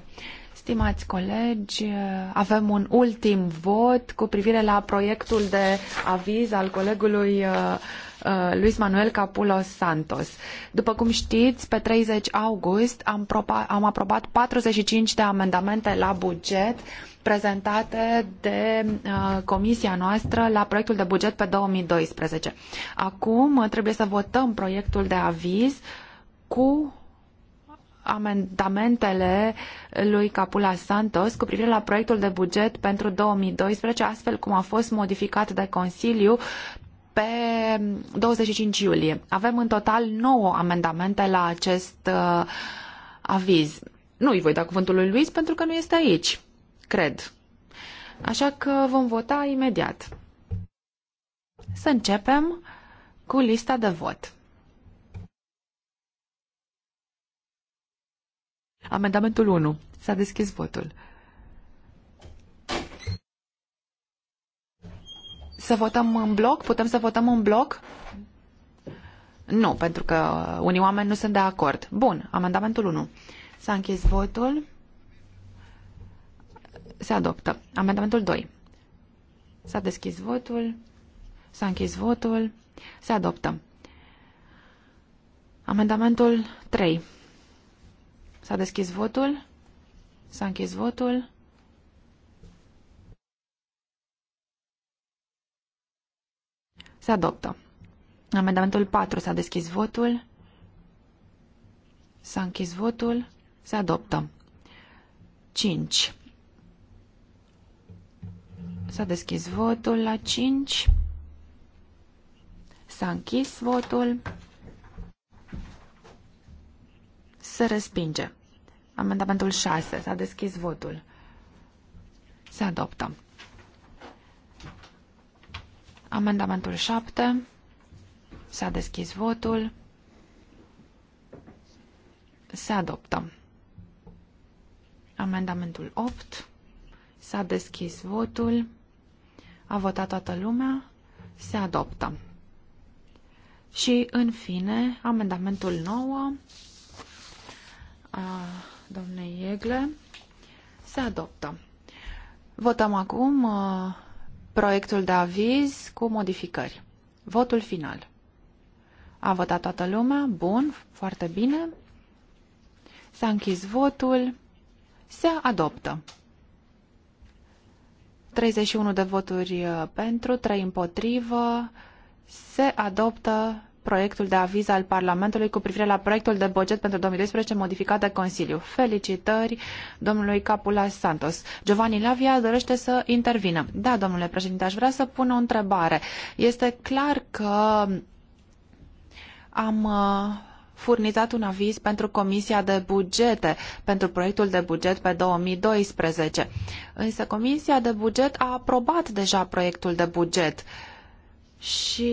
Stimați colegi, avem un ultim vot cu privire la proiectul de aviz al colegului uh, Uh, Luis Manuel Capulo Santos. După cum știți, pe 30 august am, am aprobat 45 de amendamente la buget prezentate de uh, comisia noastră la proiectul de buget pe 2012. Acum uh, trebuie să votăm proiectul de aviz cu amendamentele lui Capula Santos cu privire la proiectul de buget pentru 2012, astfel cum a fost modificat de Consiliu pe 25 iulie. Avem în total 9 amendamente la acest uh, aviz. Nu îi voi da cuvântul lui Luis pentru că nu este aici, cred. Așa că vom vota imediat. Să începem cu lista de vot. Amendamentul 1. S-a deschis votul. Să votăm în bloc? Putem să votăm în bloc? Nu, pentru că unii oameni nu sunt de acord. Bun, amendamentul 1. S-a închis votul. Se adoptă. Amendamentul 2. S-a deschis votul. S-a închis votul. Se adoptă. Amendamentul 3. S-a deschis votul. S-a închis votul. Se adoptă. Amendamentul 4. S-a deschis votul. S-a închis votul. Se adoptă. 5. S-a deschis votul la 5. S-a închis votul. Se respinge. Amendamentul 6. S-a deschis votul. Se adoptă. Amendamentul 7. S-a deschis votul. Se adoptă. Amendamentul 8. S-a deschis votul. A votat toată lumea. Se adoptă. Și, în fine, amendamentul 9 a domnei Iegle se adoptă. Votăm acum uh, proiectul de aviz cu modificări. Votul final. A votat toată lumea? Bun, foarte bine. S-a închis votul. Se adoptă. 31 de voturi uh, pentru, 3 împotrivă. Se adoptă proiectul de aviz al Parlamentului cu privire la proiectul de buget pentru 2012 modificat de Consiliu. Felicitări domnului Capula Santos. Giovanni Lavia dorește să intervină. Da, domnule președinte, aș vrea să pun o întrebare. Este clar că am uh, furnizat un aviz pentru Comisia de Bugete, pentru proiectul de buget pe 2012. Însă Comisia de Buget a aprobat deja proiectul de buget și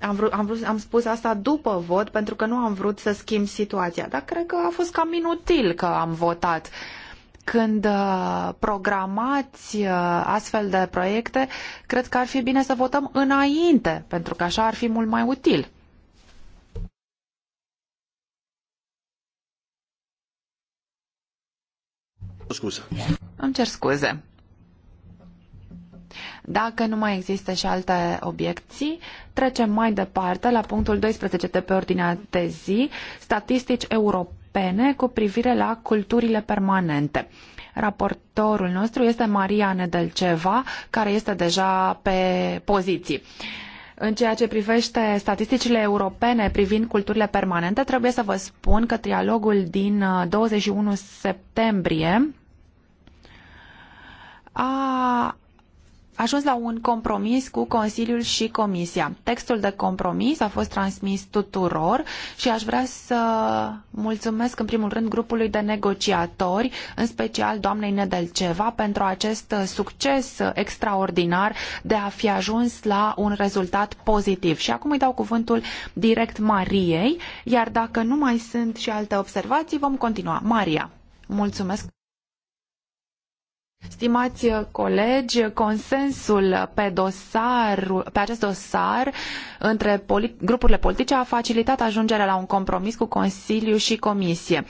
am, vrut, am, vrut, am spus asta după vot pentru că nu am vrut să schimb situația, dar cred că a fost cam inutil că am votat. Când uh, programați uh, astfel de proiecte, cred că ar fi bine să votăm înainte, pentru că așa ar fi mult mai util. Scuze. Îmi cer scuze. Dacă nu mai există și alte obiecții, trecem mai departe la punctul 12 de pe ordinea de zi, statistici europene cu privire la culturile permanente. Raportorul nostru este Maria Nedelceva, care este deja pe poziții. În ceea ce privește statisticile europene privind culturile permanente, trebuie să vă spun că trialogul din 21 uh, septembrie a ajuns la un compromis cu Consiliul și Comisia. Textul de compromis a fost transmis tuturor și aș vrea să mulțumesc în primul rând grupului de negociatori, în special doamnei Nedelceva, pentru acest succes extraordinar de a fi ajuns la un rezultat pozitiv. Și acum îi dau cuvântul direct Mariei, iar dacă nu mai sunt și alte observații, vom continua. Maria, mulțumesc! Stimați uh, colegi, consensul pe, dosar, pe acest dosar între polit grupurile politice a facilitat ajungerea la un compromis cu Consiliu și Comisie.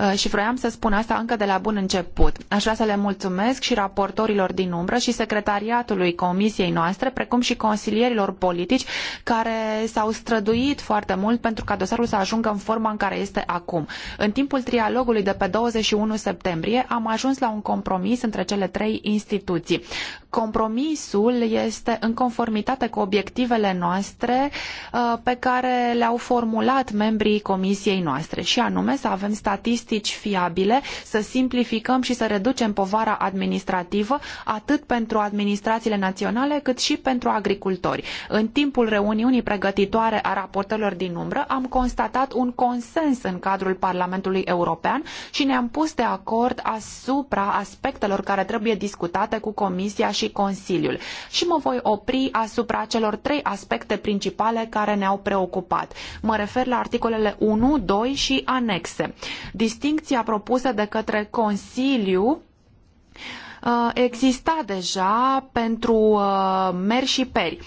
Uh, și vroiam să spun asta încă de la bun început. Aș vrea să le mulțumesc și raportorilor din umbră și secretariatului comisiei noastre, precum și consilierilor politici care s-au străduit foarte mult pentru ca dosarul să ajungă în forma în care este acum. În timpul trialogului de pe 21 septembrie am ajuns la un compromis între cele trei instituții. Compromisul este în conformitate cu obiectivele noastre uh, pe care le-au formulat membrii comisiei noastre și anume să avem statistici fiabile, să simplificăm și să reducem povara administrativă atât pentru administrațiile naționale cât și pentru agricultori. În timpul reuniunii pregătitoare a raportelor din umbră am constatat un consens în cadrul Parlamentului European și ne-am pus de acord asupra aspectelor care trebuie discutate cu Comisia și Consiliul. Și mă voi opri asupra celor trei aspecte principale care ne-au preocupat. Mă refer la articolele 1, 2 și anexe. Distincția propusă de către Consiliu Uh, exista deja pentru uh, meri și peri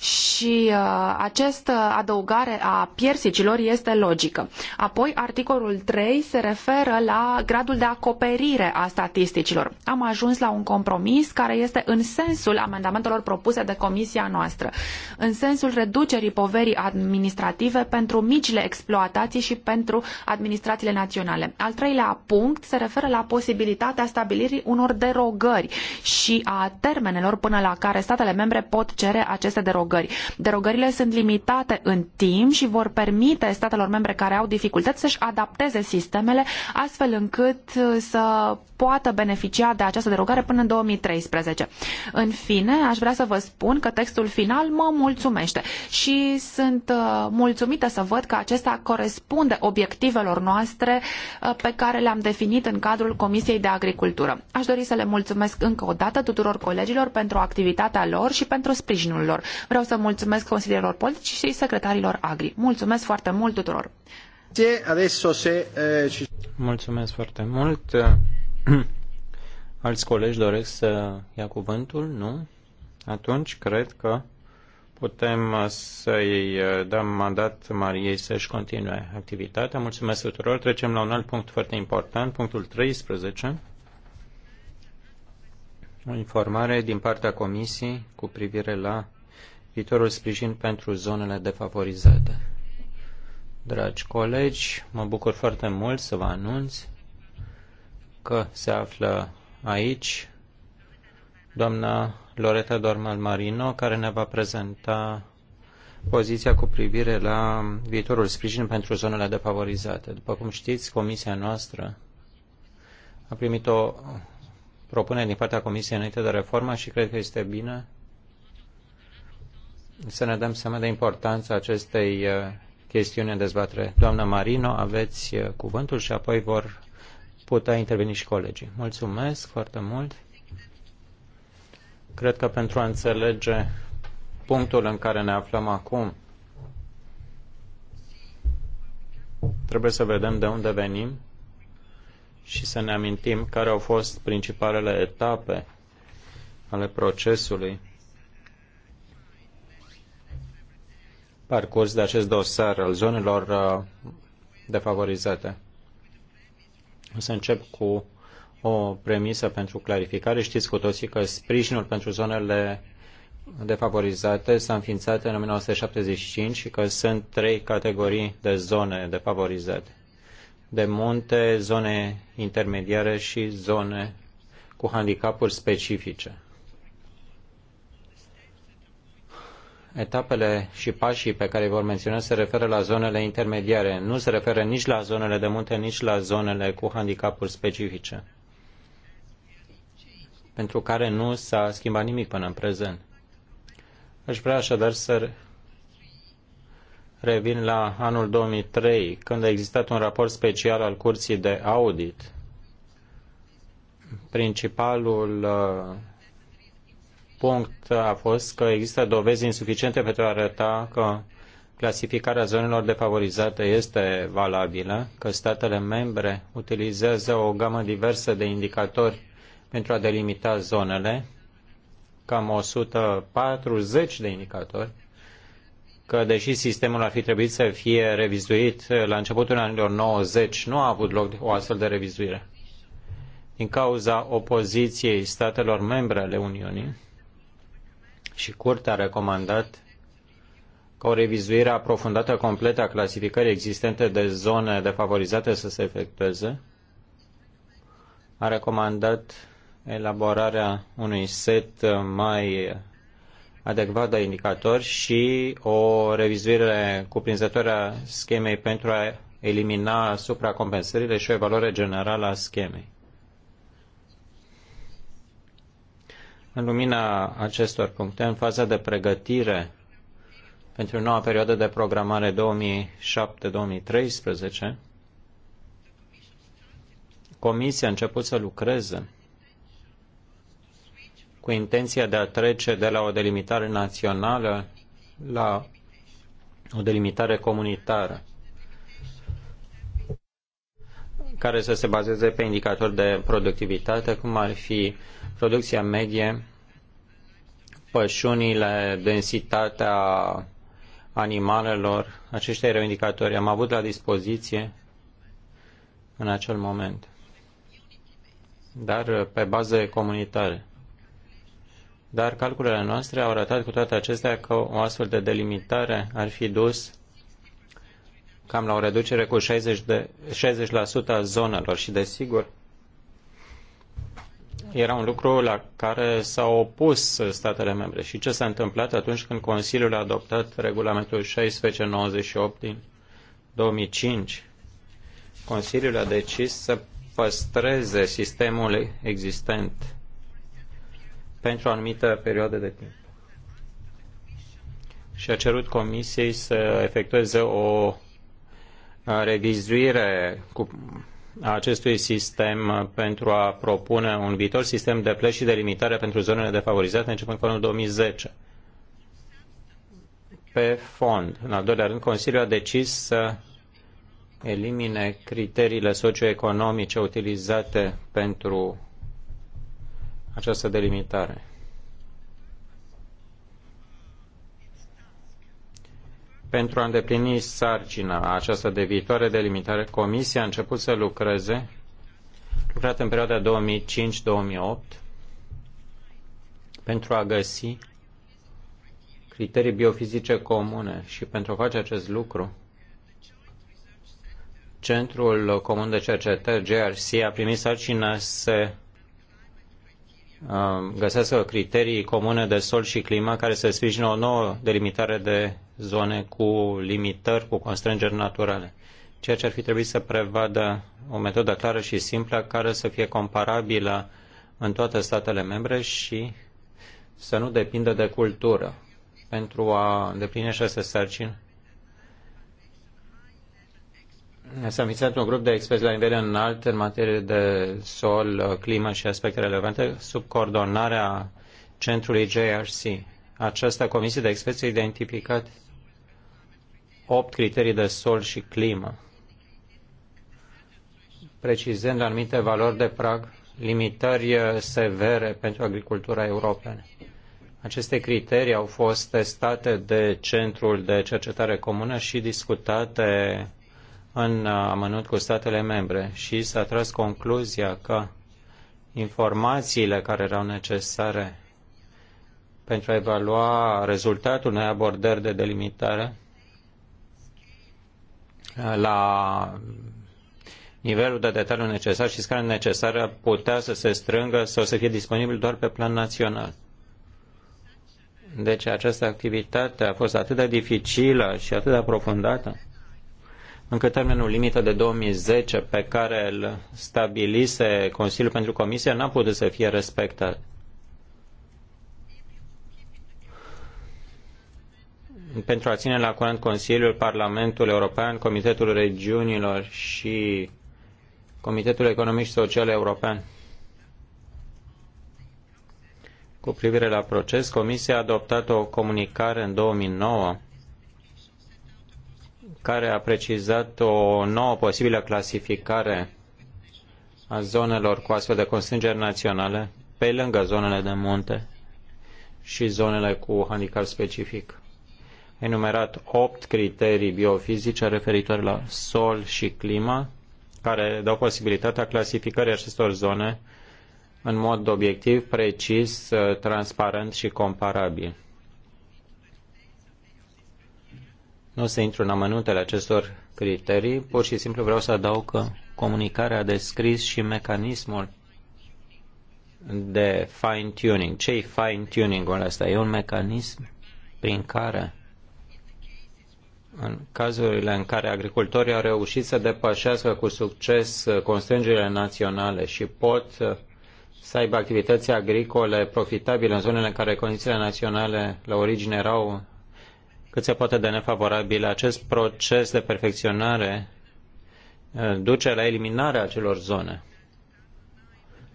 și uh, această adăugare a piersicilor este logică. Apoi, articolul 3 se referă la gradul de acoperire a statisticilor. Am ajuns la un compromis care este în sensul amendamentelor propuse de comisia noastră, în sensul reducerii poverii administrative pentru micile exploatații și pentru administrațiile naționale. Al treilea punct se referă la posibilitatea stabilirii unor derogări derogări și a termenelor până la care statele membre pot cere aceste derogări. Derogările sunt limitate în timp și vor permite statelor membre care au dificultăți să-și adapteze sistemele astfel încât uh, să poată beneficia de această derogare până în 2013. În fine, aș vrea să vă spun că textul final mă mulțumește și sunt uh, mulțumită să văd că acesta corespunde obiectivelor noastre uh, pe care le-am definit în cadrul Comisiei de Agricultură. Aș dori să le mulțumesc mulțumesc încă o dată tuturor colegilor pentru activitatea lor și pentru sprijinul lor. Vreau să mulțumesc consilierilor politici și secretarilor agri. Mulțumesc foarte mult tuturor! Eh, mulțumesc foarte mult! Alți colegi doresc să ia cuvântul? Nu? Atunci cred că putem eh, să-i eh, dăm mandat Mariei să-și continue activitatea. Mulțumesc tuturor. Trecem la un alt punct foarte important, punctul 13 o informare din partea Comisiei cu privire la viitorul sprijin pentru zonele defavorizate. Dragi colegi, mă bucur foarte mult să vă anunț că se află aici doamna Loreta Dormal Marino, care ne va prezenta poziția cu privire la viitorul sprijin pentru zonele defavorizate. După cum știți, comisia noastră a primit o propuneri din partea Comisiei înainte de reformă și cred că este bine să ne dăm seama de importanța acestei uh, chestiuni în dezbatere. Doamna Marino, aveți uh, cuvântul și apoi vor putea interveni și colegii. Mulțumesc foarte mult. Cred că pentru a înțelege punctul în care ne aflăm acum, trebuie să vedem de unde venim și să ne amintim care au fost principalele etape ale procesului parcurs de acest dosar al zonelor uh, defavorizate. O să încep cu o premisă pentru clarificare. Știți cu toții că sprijinul pentru zonele defavorizate s-a înființat în 1975 și că sunt trei categorii de zone defavorizate de munte, zone intermediare și zone cu handicapuri specifice. Etapele și pașii pe care îi vor menționa se referă la zonele intermediare. Nu se referă nici la zonele de munte, nici la zonele cu handicapuri specifice, pentru care nu s-a schimbat nimic până în prezent. Aș vrea așadar să revin la anul 2003, când a existat un raport special al Curții de Audit. Principalul uh, punct a fost că există dovezi insuficiente pentru a arăta că clasificarea zonelor defavorizate este valabilă, că statele membre utilizează o gamă diversă de indicatori pentru a delimita zonele, cam 140 de indicatori, că deși sistemul ar fi trebuit să fie revizuit la începutul anilor 90, nu a avut loc o astfel de revizuire. Din cauza opoziției statelor membre ale Uniunii și Curtea a recomandat ca o revizuire aprofundată completă a clasificării existente de zone defavorizate să se efectueze, a recomandat elaborarea unui set mai adecvat de indicatori și o revizuire cuprinzătoare a schemei pentru a elimina supracompensările și o evaluare generală a schemei. În lumina acestor puncte, în faza de pregătire pentru noua perioadă de programare 2007-2013, Comisia a început să lucreze cu intenția de a trece de la o delimitare națională la o delimitare comunitară care să se bazeze pe indicatori de productivitate, cum ar fi producția medie, pășunile, densitatea animalelor. Aceștia erau indicatori. Am avut la dispoziție în acel moment, dar pe baze comunitare dar calculele noastre au arătat cu toate acestea că o astfel de delimitare ar fi dus cam la o reducere cu 60%, de, 60 a zonelor și, desigur, era un lucru la care s-au opus statele membre. Și ce s-a întâmplat atunci când Consiliul a adoptat regulamentul 1698 din 2005? Consiliul a decis să păstreze sistemul existent pentru o anumită perioadă de timp. Și a cerut Comisiei să efectueze o revizuire cu a acestui sistem pentru a propune un viitor sistem de plăci și de limitare pentru zonele defavorizate începând cu anul 2010. Pe fond, în al doilea rând, Consiliul a decis să elimine criteriile socioeconomice utilizate pentru această delimitare. Pentru a îndeplini sarcina aceasta de viitoare delimitare, Comisia a început să lucreze, lucrat în perioada 2005-2008, pentru a găsi criterii biofizice comune și pentru a face acest lucru, Centrul Comun de Cercetări, GRC, a primit sarcina să Um, găsească criterii comune de sol și climă care să sprijină o nouă delimitare de zone cu limitări, cu constrângeri naturale. Ceea ce ar fi trebuit să prevadă o metodă clară și simplă care să fie comparabilă în toate statele membre și să nu depindă de cultură. Pentru a îndeplini aceste sarcini, S-a înființat un grup de experți la nivel înalt în materie de sol, climă și aspecte relevante sub coordonarea centrului JRC. Această comisie de experți a identificat opt criterii de sol și climă, precizând anumite valori de prag, limitări uh, severe pentru agricultura europeană. Aceste criterii au fost testate de Centrul de Cercetare Comună și discutate în amănunt cu statele membre și s-a tras concluzia că informațiile care erau necesare pentru a evalua rezultatul unei abordări de delimitare la nivelul de detaliu necesar și scara necesară putea să se strângă sau să fie disponibil doar pe plan național. Deci această activitate a fost atât de dificilă și atât de aprofundată încă termenul limită de 2010 pe care îl stabilise Consiliul pentru Comisie n-a putut să fie respectat. Pentru a ține la curent Consiliul, Parlamentul European, Comitetul Regiunilor și Comitetul Economic și Social European. Cu privire la proces, Comisia a adoptat o comunicare în 2009 care a precizat o nouă posibilă clasificare a zonelor cu astfel de constrângeri naționale, pe lângă zonele de munte și zonele cu handicap specific. A enumerat opt criterii biofizice referitoare la sol și clima, care dau posibilitatea clasificării acestor zone în mod obiectiv, precis, transparent și comparabil. Nu o să intru în amănuntele acestor criterii, pur și simplu vreau să adaug că comunicarea de scris și mecanismul de fine-tuning. Ce-i fine-tuning-ul ăsta? E un mecanism prin care în cazurile în care agricultorii au reușit să depășească cu succes constrângerile naționale și pot să aibă activități agricole profitabile în zonele în care condițiile naționale la origine erau cât se poate de nefavorabil. Acest proces de perfecționare uh, duce la eliminarea acelor zone.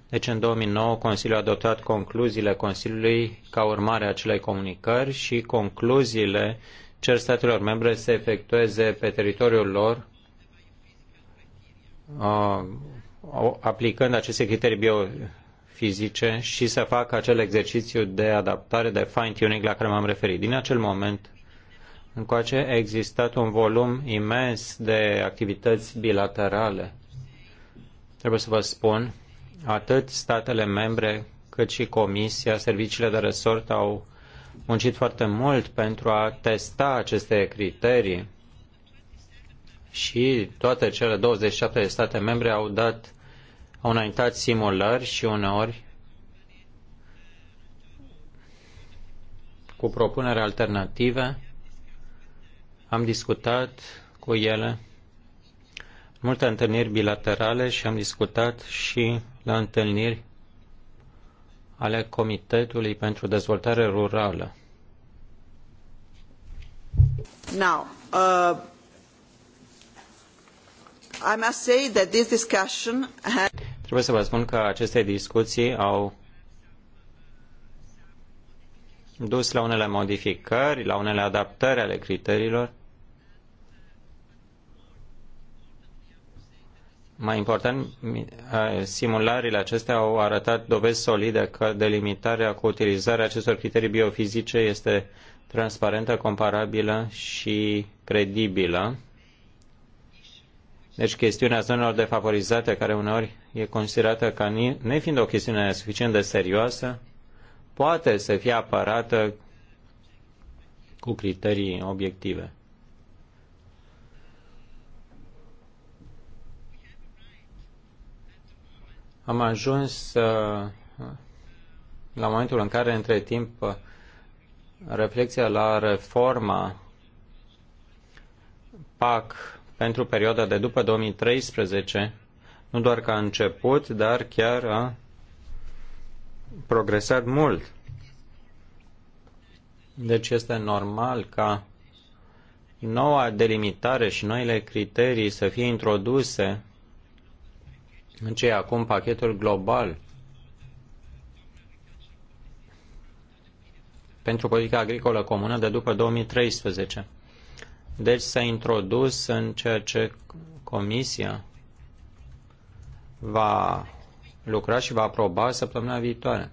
Deci în 2009 Consiliul a adoptat concluziile Consiliului ca urmare a acelei comunicări și concluziile cer statelor membre să efectueze pe teritoriul lor uh, aplicând aceste criterii biofizice și să facă acel exercițiu de adaptare, de fine-tuning la care m-am referit. Din acel moment încoace a existat un volum imens de activități bilaterale. Trebuie să vă spun, atât statele membre cât și Comisia, serviciile de resort au muncit foarte mult pentru a testa aceste criterii și toate cele 27 de state membre au dat, au înaintat simulări și uneori cu propuneri alternative am discutat cu ele multe întâlniri bilaterale și am discutat și la întâlniri ale Comitetului pentru Dezvoltare Rurală. Now, uh, I must say that this discussion has... Trebuie să vă spun că aceste discuții au dus la unele modificări, la unele adaptări ale criteriilor Mai important, simulările acestea au arătat dovezi solide că delimitarea cu utilizarea acestor criterii biofizice este transparentă, comparabilă și credibilă. Deci chestiunea zonelor defavorizate, care uneori e considerată ca nefiind o chestiune suficient de serioasă, poate să fie apărată cu criterii obiective. Am ajuns uh, la momentul în care, între timp, uh, reflexia la reforma PAC pentru perioada de după 2013 nu doar că a început, dar chiar a progresat mult. Deci este normal ca noua delimitare și noile criterii să fie introduse în ce e acum pachetul global pentru politica agricolă comună de după 2013. Deci s-a introdus în ceea ce Comisia va lucra și va aproba săptămâna viitoare.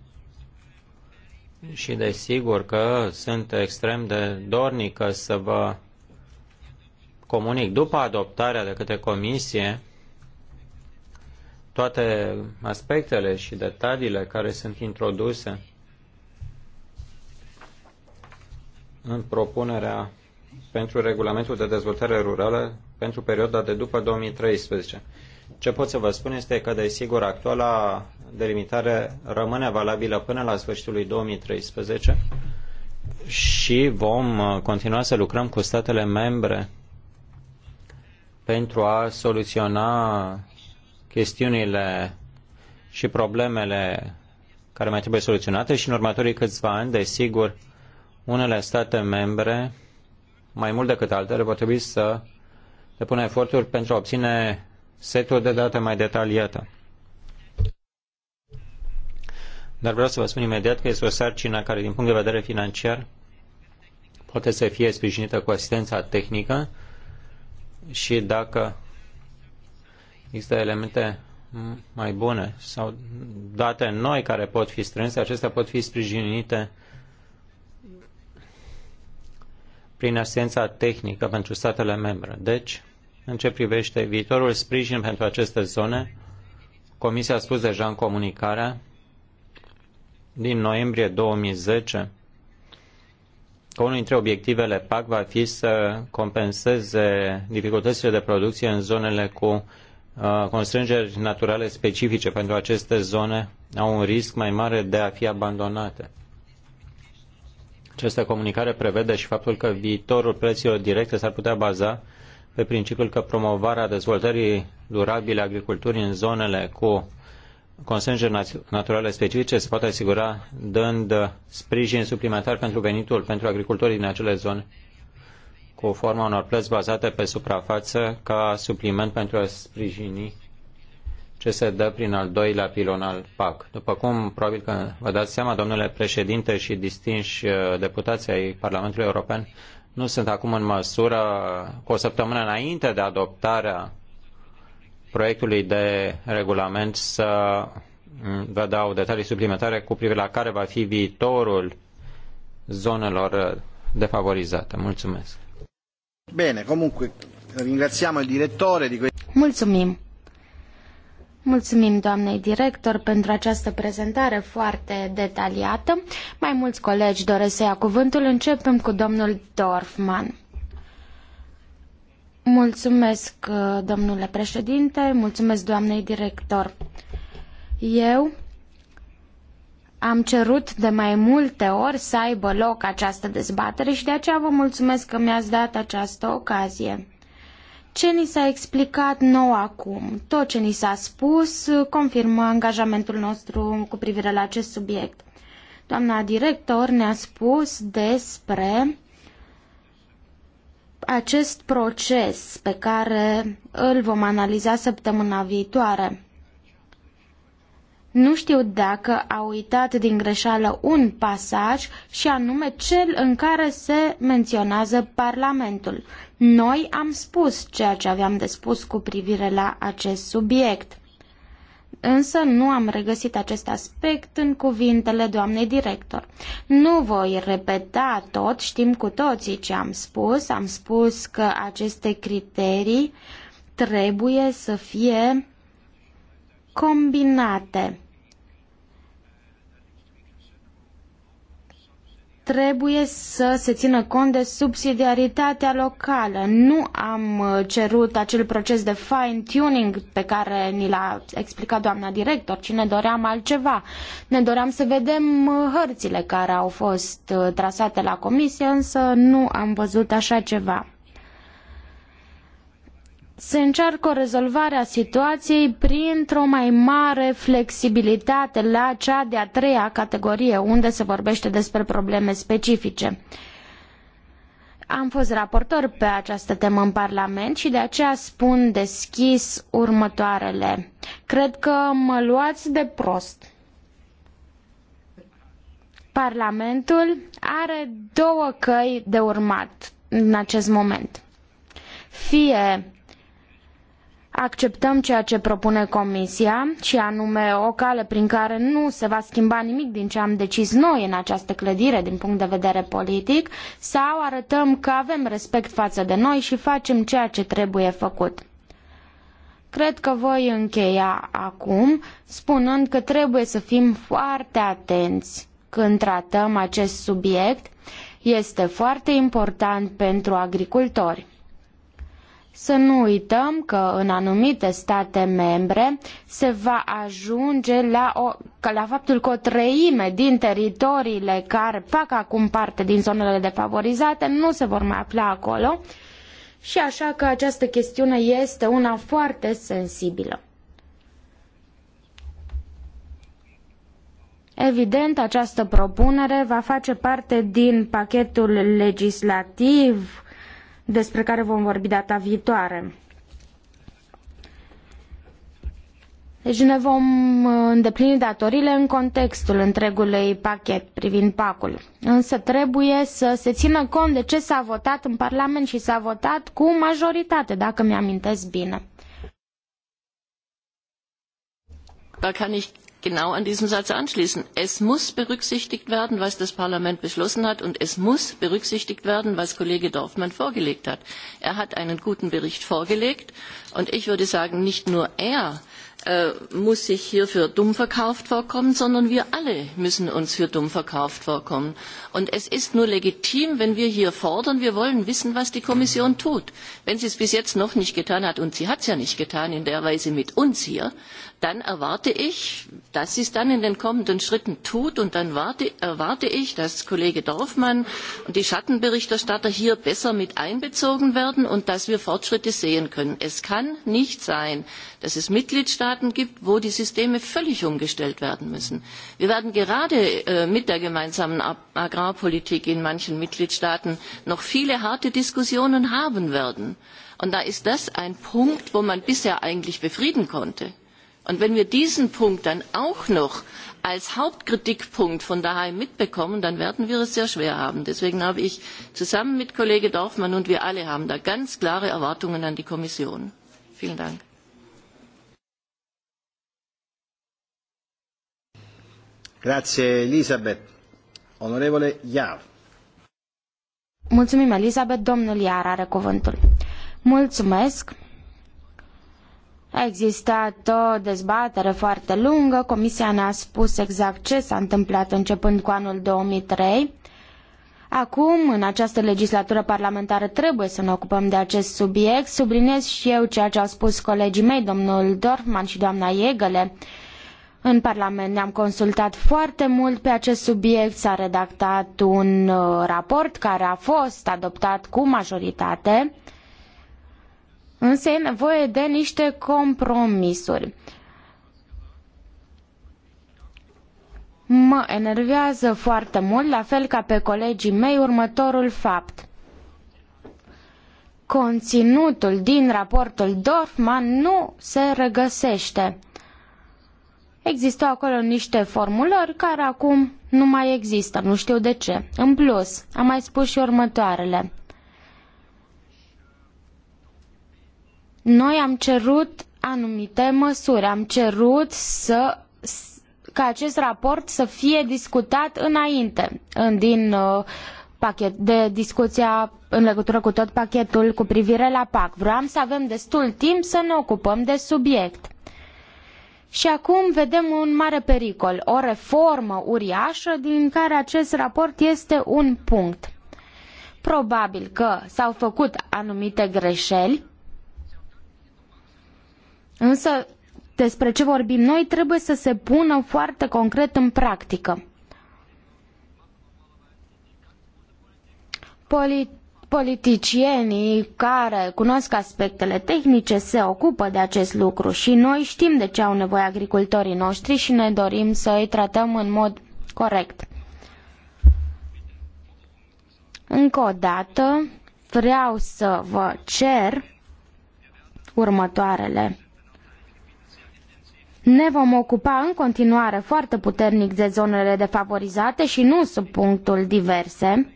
Și desigur că sunt extrem de dornică să vă comunic după adoptarea de către Comisie toate aspectele și detaliile care sunt introduse în propunerea pentru regulamentul de dezvoltare rurală pentru perioada de după 2013. Ce pot să vă spun este că, desigur, actuala delimitare rămâne valabilă până la sfârșitul lui 2013 și vom uh, continua să lucrăm cu statele membre pentru a soluționa chestiunile și problemele care mai trebuie soluționate și în următorii câțiva ani, desigur, unele state membre, mai mult decât altele, vor trebui să depună eforturi pentru a obține seturi de date mai detaliate. Dar vreau să vă spun imediat că este o sarcină care, din punct de vedere financiar, poate să fie sprijinită cu asistența tehnică și dacă Există elemente mai bune sau date noi care pot fi strânse, acestea pot fi sprijinite prin asistența tehnică pentru statele membre. Deci, în ce privește viitorul sprijin pentru aceste zone, Comisia a spus deja în comunicarea din noiembrie 2010 că unul dintre obiectivele PAC va fi să compenseze dificultățile de producție în zonele cu constrângeri naturale specifice pentru aceste zone au un risc mai mare de a fi abandonate. Această comunicare prevede și faptul că viitorul preților directe s-ar putea baza pe principiul că promovarea dezvoltării durabile a agriculturii în zonele cu constrângeri naturale specifice se poate asigura dând sprijin suplimentar pentru venitul pentru agricultorii din acele zone cu forma unor plăți bazate pe suprafață ca supliment pentru a sprijini ce se dă prin al doilea pilon al PAC. După cum probabil că vă dați seama, domnule președinte și distinși uh, deputații ai Parlamentului European, nu sunt acum în măsură, cu o săptămână înainte de adoptarea proiectului de regulament, să mm, vă dau detalii suplimentare cu privire la care va fi viitorul zonelor uh, defavorizate. Mulțumesc. Bine, comunque ringrațiamo il direttore di Mulțumim. Mulțumim doamnei director pentru această prezentare foarte detaliată. Mai mulți colegi doresc să ia cuvântul. Începem cu domnul Dorfman. Mulțumesc, domnule președinte, mulțumesc doamnei director. Eu am cerut de mai multe ori să aibă loc această dezbatere și de aceea vă mulțumesc că mi-ați dat această ocazie. Ce ni s-a explicat nou acum? Tot ce ni s-a spus confirmă angajamentul nostru cu privire la acest subiect. Doamna director ne-a spus despre acest proces pe care îl vom analiza săptămâna viitoare. Nu știu dacă a uitat din greșeală un pasaj și anume cel în care se menționează Parlamentul. Noi am spus ceea ce aveam de spus cu privire la acest subiect. Însă nu am regăsit acest aspect în cuvintele doamnei director. Nu voi repeta tot, știm cu toții ce am spus. Am spus că aceste criterii trebuie să fie combinate. trebuie să se țină cont de subsidiaritatea locală. Nu am uh, cerut acel proces de fine-tuning pe care ni l-a explicat doamna director, ci ne doream altceva. Ne doream să vedem uh, hărțile care au fost uh, trasate la comisie, însă nu am văzut așa ceva se încearcă o rezolvare a situației printr-o mai mare flexibilitate la cea de-a treia categorie, unde se vorbește despre probleme specifice. Am fost raportor pe această temă în Parlament și de aceea spun deschis următoarele. Cred că mă luați de prost. Parlamentul are două căi de urmat în acest moment. Fie acceptăm ceea ce propune Comisia și anume o cale prin care nu se va schimba nimic din ce am decis noi în această clădire din punct de vedere politic sau arătăm că avem respect față de noi și facem ceea ce trebuie făcut. Cred că voi încheia acum spunând că trebuie să fim foarte atenți când tratăm acest subiect. Este foarte important pentru agricultori. Să nu uităm că în anumite state membre se va ajunge la, o, la faptul că o treime din teritoriile care fac acum parte din zonele defavorizate nu se vor mai afla acolo și așa că această chestiune este una foarte sensibilă. Evident, această propunere va face parte din pachetul legislativ despre care vom vorbi data viitoare. Deci ne vom uh, îndeplini datorile în contextul întregului pachet privind pacul. Însă trebuie să se țină cont de ce s-a votat în Parlament și s-a votat cu majoritate, dacă mi-amintesc bine. Da kann ich genau an diesem Satz anschließen. Es muss berücksichtigt werden, was das Parlament beschlossen hat, und es muss berücksichtigt werden, was Kollege Dorfmann vorgelegt hat. Er hat einen guten Bericht vorgelegt, und ich würde sagen, nicht nur er äh, muss sich hier für dumm verkauft vorkommen, sondern wir alle müssen uns für dumm verkauft vorkommen. Und es ist nur legitim, wenn wir hier fordern, wir wollen wissen, was die Kommission tut. Wenn sie es bis jetzt noch nicht getan hat, und sie hat es ja nicht getan in der Weise mit uns hier, dann erwarte ich, dass sie es dann in den kommenden Schritten tut und dann warte, erwarte ich, dass Kollege Dorfmann und die Schattenberichterstatter hier besser mit einbezogen werden und dass wir Fortschritte sehen können. Es kann nicht sein, dass es Mitgliedstaaten gibt, wo die Systeme völlig umgestellt werden müssen. Wir werden gerade äh, mit der gemeinsamen Agrarpolitik in manchen Mitgliedstaaten noch viele harte Diskussionen haben werden. Und da ist das ein Punkt, wo man bisher eigentlich befrieden konnte. Und wenn wir diesen Punkt dann auch noch als Hauptkritikpunkt von daheim mitbekommen, dann werden wir es sehr schwer haben. Deswegen habe ich zusammen mit Kollege Dorfmann und wir alle haben da ganz klare Erwartungen an die Kommission. Vielen Dank. Grazie Elisabeth. Onorevole Iar. Mulțumim Elisabeth. Domnul Iar are cuvântul. Mulțumesc. A existat o dezbatere foarte lungă, comisia ne-a spus exact ce s-a întâmplat începând cu anul 2003. Acum, în această legislatură parlamentară, trebuie să ne ocupăm de acest subiect. Subliniez și eu ceea ce au spus colegii mei, domnul Dorfman și doamna Iegăle. În Parlament ne-am consultat foarte mult pe acest subiect, s-a redactat un uh, raport care a fost adoptat cu majoritate. Însă e nevoie de niște compromisuri. Mă enervează foarte mult, la fel ca pe colegii mei, următorul fapt. Conținutul din raportul Dorfman nu se regăsește. Existau acolo niște formulări care acum nu mai există, nu știu de ce. În plus, am mai spus și următoarele. Noi am cerut anumite măsuri, am cerut să ca acest raport să fie discutat înainte din uh, pachet, de discuția în legătură cu tot pachetul cu privire la PAC. Vreau să avem destul timp să ne ocupăm de subiect. Și acum vedem un mare pericol, o reformă uriașă din care acest raport este un punct. Probabil că s-au făcut anumite greșeli, Însă, despre ce vorbim noi trebuie să se pună foarte concret în practică. Polit politicienii care cunosc aspectele tehnice se ocupă de acest lucru și noi știm de ce au nevoie agricultorii noștri și ne dorim să îi tratăm în mod corect. Încă o dată vreau să vă cer următoarele. Ne vom ocupa în continuare foarte puternic de zonele defavorizate și nu sub punctul diverse.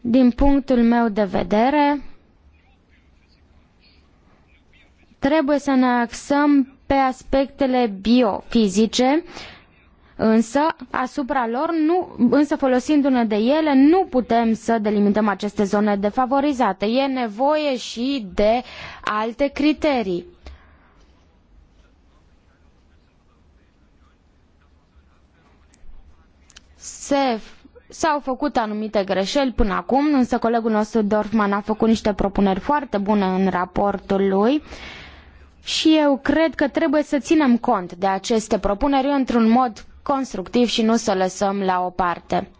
Din punctul meu de vedere, trebuie să ne axăm pe aspectele biofizice, însă asupra lor, nu, însă folosindu-ne de ele, nu putem să delimităm aceste zone defavorizate. E nevoie și de alte criterii. se S-au făcut anumite greșeli până acum, însă colegul nostru Dorfman a făcut niște propuneri foarte bune în raportul lui și eu cred că trebuie să ținem cont de aceste propuneri într-un mod constructiv și nu să lăsăm la o parte.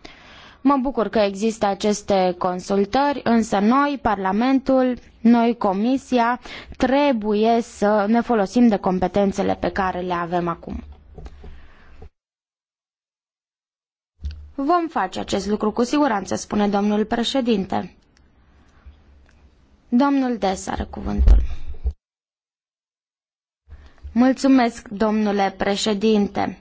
Mă bucur că există aceste consultări, însă noi, Parlamentul, noi, Comisia, trebuie să ne folosim de competențele pe care le avem acum. Vom face acest lucru cu siguranță, spune domnul președinte. Domnul Des are cuvântul. Mulțumesc, domnule președinte.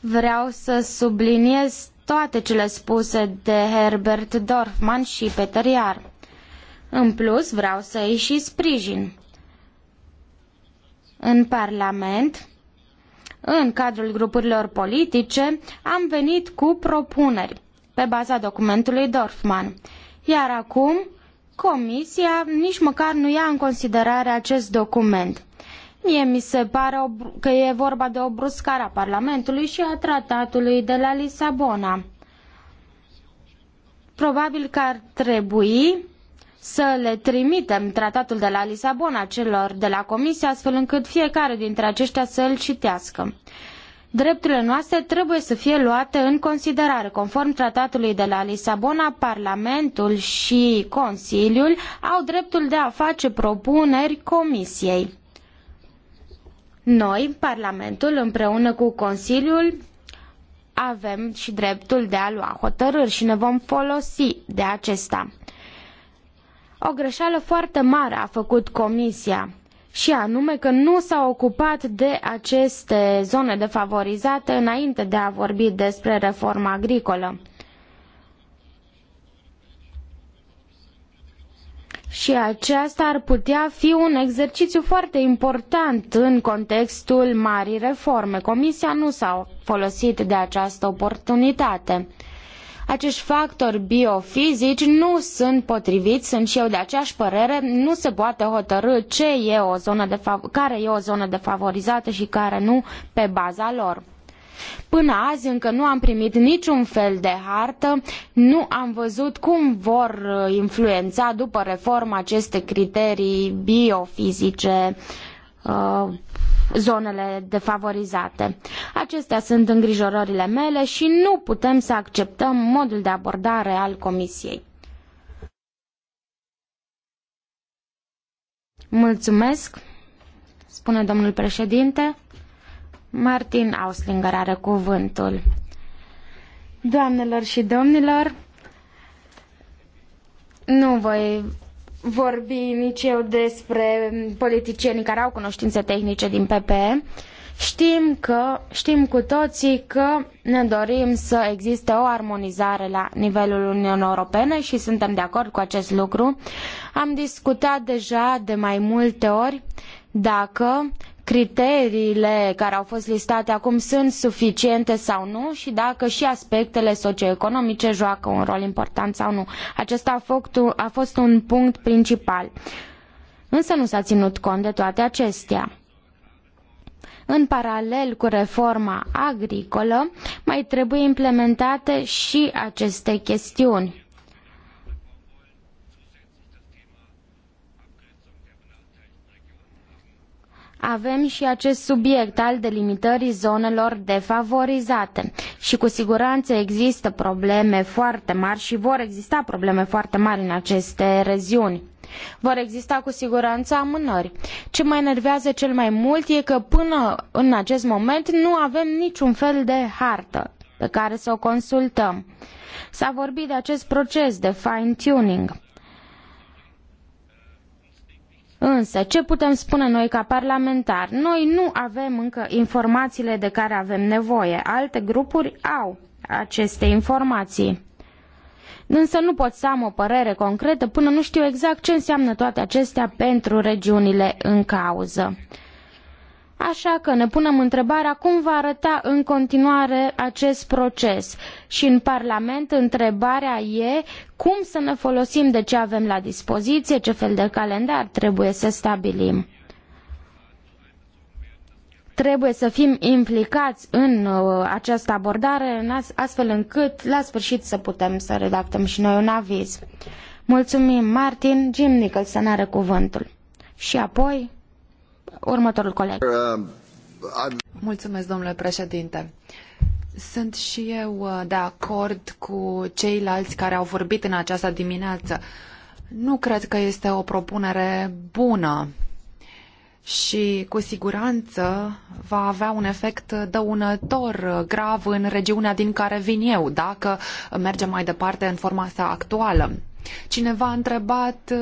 Vreau să subliniez toate cele spuse de Herbert Dorfman și Peter Iar. În plus, vreau să îi și sprijin. În Parlament, în cadrul grupurilor politice, am venit cu propuneri pe baza documentului Dorfman. Iar acum, Comisia nici măcar nu ia în considerare acest document. Mie mi se pare că e vorba de o bruscare a Parlamentului și a tratatului de la Lisabona. Probabil că ar trebui să le trimitem tratatul de la Lisabona celor de la Comisie, astfel încât fiecare dintre aceștia să îl citească. Drepturile noastre trebuie să fie luate în considerare. Conform tratatului de la Lisabona, Parlamentul și Consiliul au dreptul de a face propuneri Comisiei. Noi, Parlamentul, împreună cu Consiliul, avem și dreptul de a lua hotărâri și ne vom folosi de acesta. O greșeală foarte mare a făcut Comisia și anume că nu s-a ocupat de aceste zone defavorizate înainte de a vorbi despre reforma agricolă. Și aceasta ar putea fi un exercițiu foarte important în contextul marii reforme. Comisia nu s-a folosit de această oportunitate. Acești factori biofizici nu sunt potriviți, sunt și eu de aceeași părere, nu se poate hotărâ ce e o zonă de care e o zonă defavorizată și care nu pe baza lor. Până azi încă nu am primit niciun fel de hartă, nu am văzut cum vor uh, influența după reformă aceste criterii biofizice uh, zonele defavorizate. Acestea sunt îngrijorările mele și nu putem să acceptăm modul de abordare al Comisiei. Mulțumesc, spune domnul președinte. Martin Auslinger are cuvântul. Doamnelor și domnilor, nu voi vorbi nici eu despre politicienii care au cunoștințe tehnice din PPE. Știm, că, știm cu toții că ne dorim să existe o armonizare la nivelul Uniunii Europene și suntem de acord cu acest lucru. Am discutat deja de mai multe ori dacă criteriile care au fost listate acum sunt suficiente sau nu și dacă și aspectele socioeconomice joacă un rol important sau nu. Acesta a fost un punct principal. Însă nu s-a ținut cont de toate acestea. În paralel cu reforma agricolă, mai trebuie implementate și aceste chestiuni. avem și acest subiect al delimitării zonelor defavorizate. Și cu siguranță există probleme foarte mari și vor exista probleme foarte mari în aceste regiuni. Vor exista cu siguranță amânări. Ce mă enervează cel mai mult e că până în acest moment nu avem niciun fel de hartă pe care să o consultăm. S-a vorbit de acest proces de fine-tuning Însă, ce putem spune noi ca parlamentari? Noi nu avem încă informațiile de care avem nevoie. Alte grupuri au aceste informații. Însă nu pot să am o părere concretă până nu știu exact ce înseamnă toate acestea pentru regiunile în cauză. Așa că ne punem întrebarea cum va arăta în continuare acest proces. Și în Parlament întrebarea e cum să ne folosim de ce avem la dispoziție, ce fel de calendar trebuie să stabilim trebuie să fim implicați în uh, această abordare, astfel încât la sfârșit să putem să redactăm și noi un aviz. Mulțumim, Martin. Jim Nicholson are cuvântul. Și apoi... Următorul coleg. Uh, Mulțumesc, domnule președinte. Sunt și eu uh, de acord cu ceilalți care au vorbit în această dimineață. Nu cred că este o propunere bună și cu siguranță va avea un efect dăunător uh, grav în regiunea din care vin eu, dacă mergem mai departe în forma sa actuală. Cineva a întrebat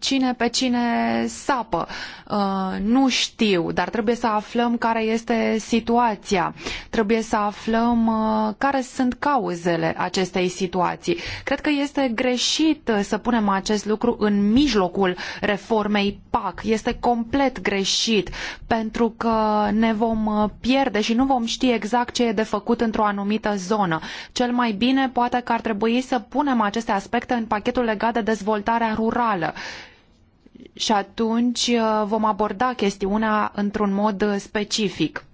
cine pe cine sapă. Uh, nu știu, dar trebuie să aflăm care este situația. Trebuie să aflăm uh, care sunt cauzele acestei situații. Cred că este greșit uh, să punem acest lucru în mijlocul reformei PAC. Este complet greșit pentru că ne vom pierde și nu vom ști exact ce e de făcut într-o anumită zonă. Cel mai bine poate că ar trebui să punem aceste aspecte în pachetul legat de dezvoltarea rurală și atunci uh, vom aborda chestiunea într-un mod specific.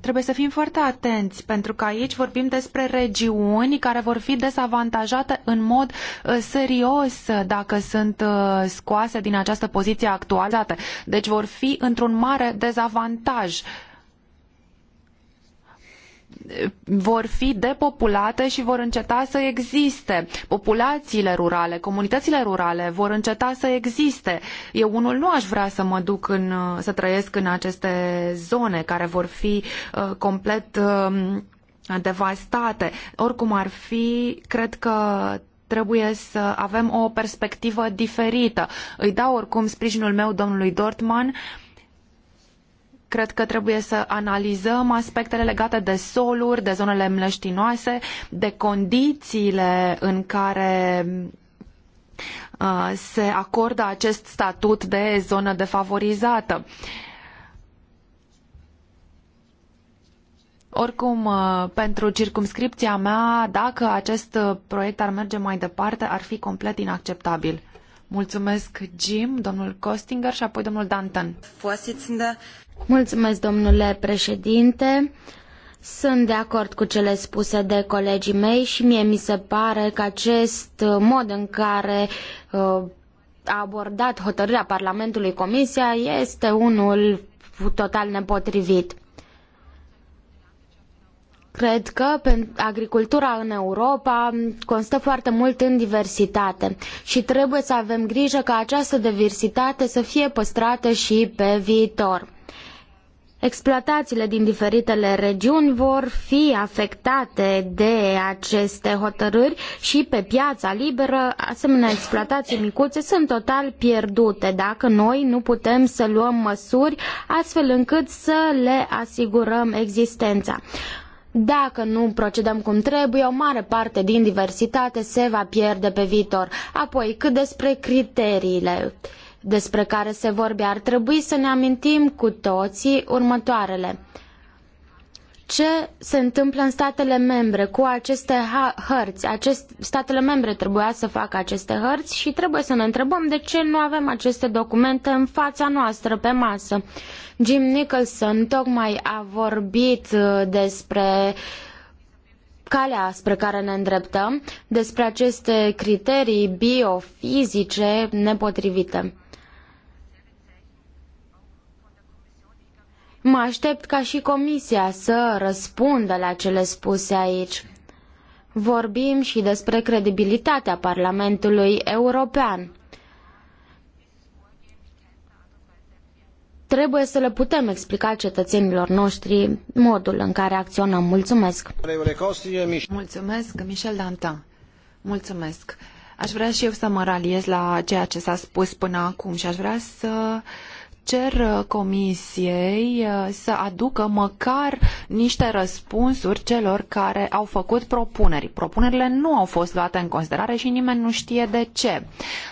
Trebuie să fim foarte atenți, pentru că aici vorbim despre regiuni care vor fi dezavantajate în mod uh, serios dacă sunt uh, scoase din această poziție actualizată. Deci vor fi într-un mare dezavantaj vor fi depopulate și vor înceta să existe. Populațiile rurale, comunitățile rurale vor înceta să existe. Eu unul nu aș vrea să mă duc în, să trăiesc în aceste zone care vor fi uh, complet uh, devastate. Oricum ar fi, cred că trebuie să avem o perspectivă diferită. Îi dau oricum sprijinul meu domnului Dortman uh, Cred că trebuie să analizăm aspectele legate de soluri, de zonele mleștinoase, de condițiile în care uh, se acordă acest statut de zonă defavorizată. Oricum, uh, pentru circumscripția mea, dacă acest proiect ar merge mai departe, ar fi complet inacceptabil. Mulțumesc, Jim, domnul Costinger și apoi domnul Danton. Mulțumesc, domnule președinte. Sunt de acord cu cele spuse de colegii mei și mie mi se pare că acest mod în care uh, a abordat hotărârea Parlamentului Comisia este unul total nepotrivit. Cred că agricultura în Europa constă foarte mult în diversitate și trebuie să avem grijă ca această diversitate să fie păstrată și pe viitor Exploatațiile din diferitele regiuni vor fi afectate de aceste hotărâri și pe piața liberă asemenea exploatații micuțe sunt total pierdute dacă noi nu putem să luăm măsuri astfel încât să le asigurăm existența. Dacă nu procedăm cum trebuie, o mare parte din diversitate se va pierde pe viitor. Apoi, cât despre criteriile despre care se vorbea. Ar trebui să ne amintim cu toții următoarele. Ce se întâmplă în statele membre cu aceste hărți? Acest, statele membre trebuia să facă aceste hărți și trebuie să ne întrebăm de ce nu avem aceste documente în fața noastră pe masă. Jim Nicholson tocmai a vorbit uh, despre calea spre care ne îndreptăm, despre aceste criterii biofizice nepotrivite. Mă aștept ca și comisia să răspundă la cele spuse aici. Vorbim și despre credibilitatea Parlamentului European. Trebuie să le putem explica cetățenilor noștri modul în care acționăm. Mulțumesc! Mulțumesc, Michel Dantin. Mulțumesc! Aș vrea și eu să mă raliez la ceea ce s-a spus până acum și aș vrea să uh, cer uh, comisiei uh, să aducă măcar niște răspunsuri celor care au făcut propuneri. Propunerile nu au fost luate în considerare și nimeni nu știe de ce.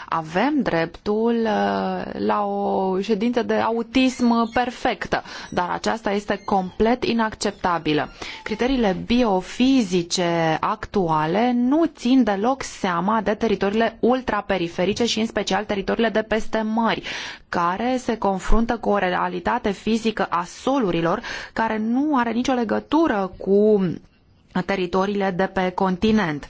Avem dreptul uh, la o ședință de autism perfectă, dar aceasta este complet inacceptabilă. Criteriile biofizice actuale nu țin deloc seama de teritoriile ultraperiferice și în special teritoriile de peste mări, care se confruntă confruntă cu o realitate fizică a solurilor care nu are nicio legătură cu teritoriile de pe continent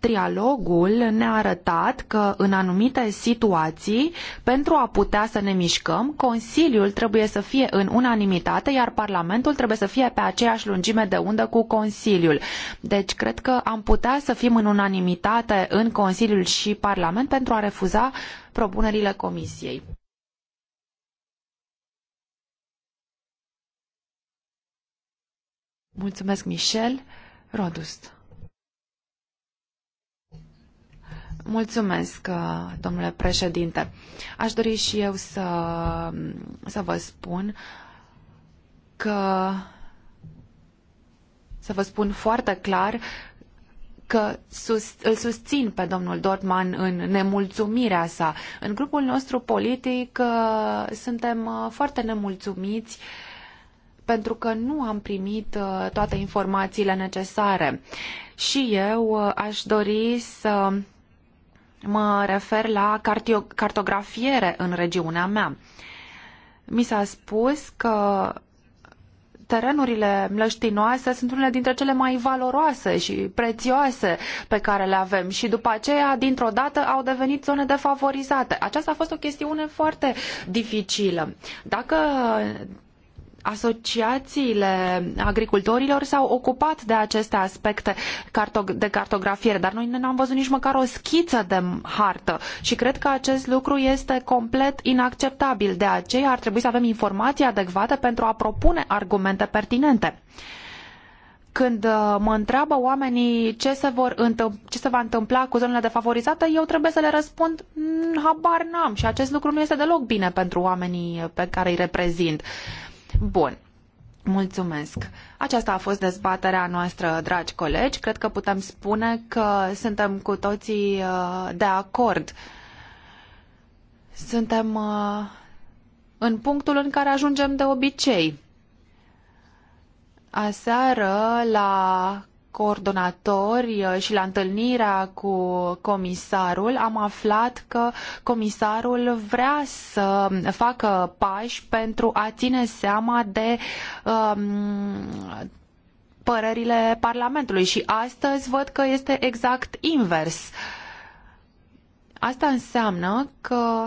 trialogul ne-a arătat că în anumite situații, pentru a putea să ne mișcăm, Consiliul trebuie să fie în unanimitate, iar Parlamentul trebuie să fie pe aceeași lungime de undă cu Consiliul. Deci cred că am putea să fim în unanimitate în Consiliul și Parlament pentru a refuza propunerile Comisiei. Mulțumesc, Michel. Rodust. Mulțumesc, uh, domnule președinte. Aș dori și eu să, să vă spun că să vă spun foarte clar că sus, îl susțin pe domnul Dortman în nemulțumirea sa. În grupul nostru politic uh, suntem uh, foarte nemulțumiți uh, pentru că nu am primit uh, toate informațiile necesare. Și eu uh, aș dori să mă refer la cartografiere în regiunea mea. Mi s-a spus că terenurile mlăștinoase sunt unele dintre cele mai valoroase și prețioase pe care le avem și după aceea, dintr-o dată, au devenit zone defavorizate. Aceasta a fost o chestiune foarte dificilă. Dacă asociațiile agricultorilor s-au ocupat de aceste aspecte de cartografiere, dar noi nu am văzut nici măcar o schiță de hartă și cred că acest lucru este complet inacceptabil. De aceea ar trebui să avem informații adecvate pentru a propune argumente pertinente când uh, mă întreabă oamenii ce se, vor ce se va întâmpla cu zonele defavorizate, eu trebuie să le răspund, habar n-am și acest lucru nu este deloc bine pentru oamenii pe care îi reprezint. Bun. Mulțumesc. Aceasta a fost dezbaterea noastră, dragi colegi. Cred că putem spune că suntem cu toții uh, de acord. Suntem uh, în punctul în care ajungem de obicei. Aseară, la coordonatori uh, și la întâlnirea cu comisarul am aflat că comisarul vrea să facă pași pentru a ține seama de um, părerile Parlamentului și astăzi văd că este exact invers. Asta înseamnă că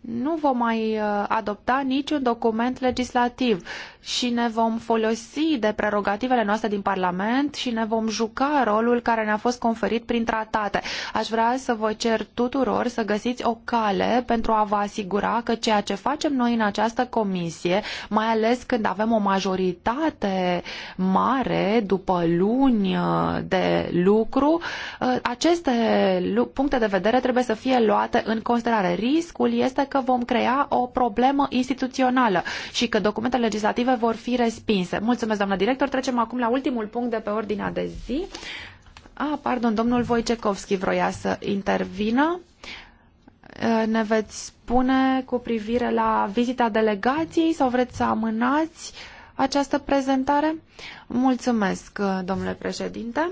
nu vom mai uh, adopta niciun document legislativ și ne vom folosi de prerogativele noastre din Parlament și ne vom juca rolul care ne-a fost conferit prin tratate. Aș vrea să vă cer tuturor să găsiți o cale pentru a vă asigura că ceea ce facem noi în această comisie, mai ales când avem o majoritate mare după luni uh, de lucru, uh, aceste puncte de vedere trebuie să fie luate în considerare. Riscul este că vom crea o problemă instituțională și că documentele legislative respective vor fi respinse. Mulțumesc, doamnă director. Trecem acum la ultimul punct de pe ordinea de zi. Ah, pardon, domnul Wojciechowski vroia să intervină. Ne veți spune cu privire la vizita delegației sau vreți să amânați această prezentare? Mulțumesc, domnule președinte.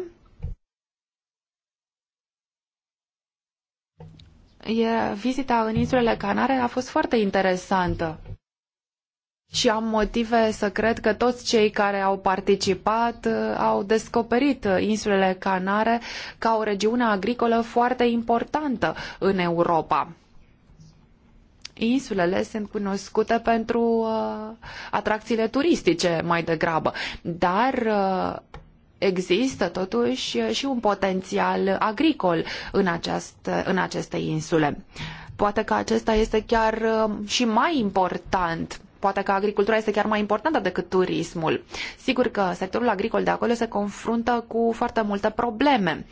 E, vizita în insulele Canare a fost foarte interesantă și am motive să cred că toți cei care au participat uh, au descoperit uh, insulele Canare ca o regiune agricolă foarte importantă în Europa. Insulele sunt cunoscute pentru uh, atracțiile turistice mai degrabă, dar uh, există totuși uh, și un potențial agricol în, aceast, în aceste insule. Poate că acesta este chiar uh, și mai important poate că agricultura este chiar mai importantă decât turismul. Sigur că sectorul agricol de acolo se confruntă cu foarte multe probleme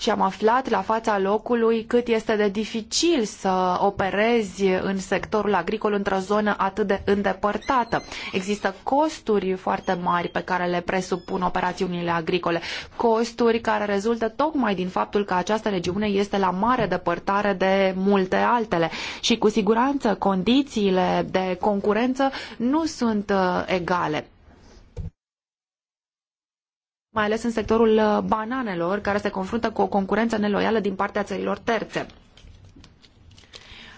și am aflat la fața locului cât este de dificil să operezi în sectorul agricol într-o zonă atât de îndepărtată. Există costuri foarte mari pe care le presupun operațiunile agricole, costuri care rezultă tocmai din faptul că această regiune este la mare depărtare de multe altele și cu siguranță condițiile de concurență nu sunt uh, egale mai ales în sectorul uh, bananelor, care se confruntă cu o concurență neloială din partea țărilor terțe.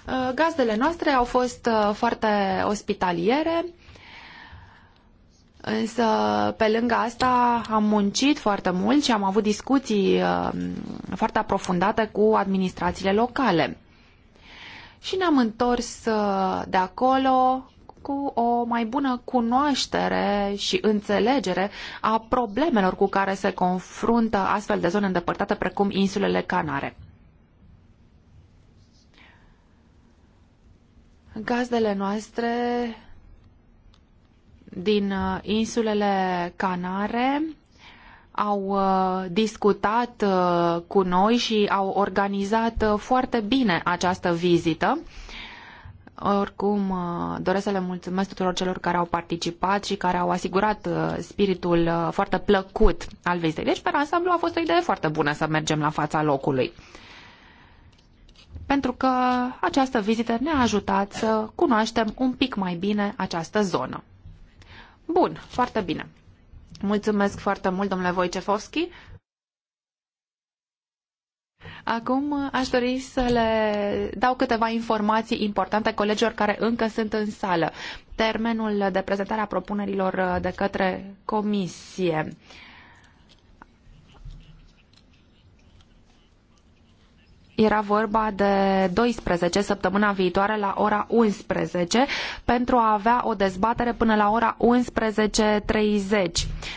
Uh, gazdele noastre au fost uh, foarte ospitaliere, însă pe lângă asta am muncit foarte mult și am avut discuții foarte aprofundate cu administrațiile locale. Și ne-am întors de acolo cu o mai bună cunoaștere și înțelegere a problemelor cu care se confruntă astfel de zone îndepărtate precum insulele Canare. Gazdele noastre din uh, insulele Canare au uh, discutat uh, cu noi și au organizat foarte bine această vizită oricum, uh, doresc să le mulțumesc tuturor celor care au participat și care au asigurat uh, spiritul uh, foarte plăcut al vizitei. Deci, pe ansamblu, a fost o idee foarte bună să mergem la fața locului. Pentru că această vizită ne-a ajutat să cunoaștem un pic mai bine această zonă. Bun, foarte bine. Mulțumesc foarte mult, domnule Wojciechowski. Acum aș dori să le dau câteva informații importante colegilor care încă sunt în sală. Termenul de prezentare a propunerilor de către comisie. Uh, Era vorba de 12 săptămâna viitoare la ora 11 pentru a avea o dezbatere până la ora 11.30.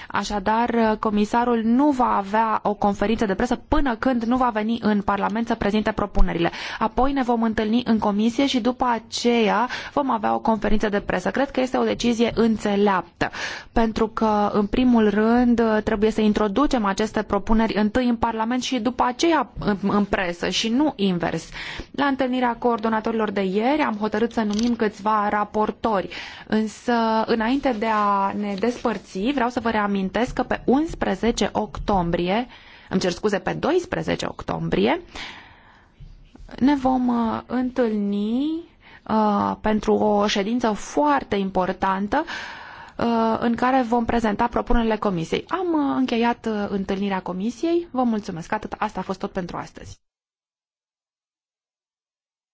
Așadar, comisarul nu va avea o conferință de presă până când nu va veni în Parlament să prezinte propunerile. Apoi ne vom întâlni în comisie și după aceea vom avea o conferință de presă. Cred că este o decizie înțeleaptă, pentru că, în primul rând, trebuie să introducem aceste propuneri întâi în Parlament și după aceea în presă. Și și nu invers. La întâlnirea coordonatorilor de ieri am hotărât să numim câțiva raportori, însă înainte de a ne despărți vreau să vă reamintesc că pe 11 octombrie, îmi cer scuze, pe 12 octombrie, ne vom uh, întâlni uh, pentru o ședință foarte importantă uh, în care vom prezenta propunerile comisiei. Am uh, încheiat întâlnirea comisiei. Vă mulțumesc. Atât. Asta a fost tot pentru astăzi.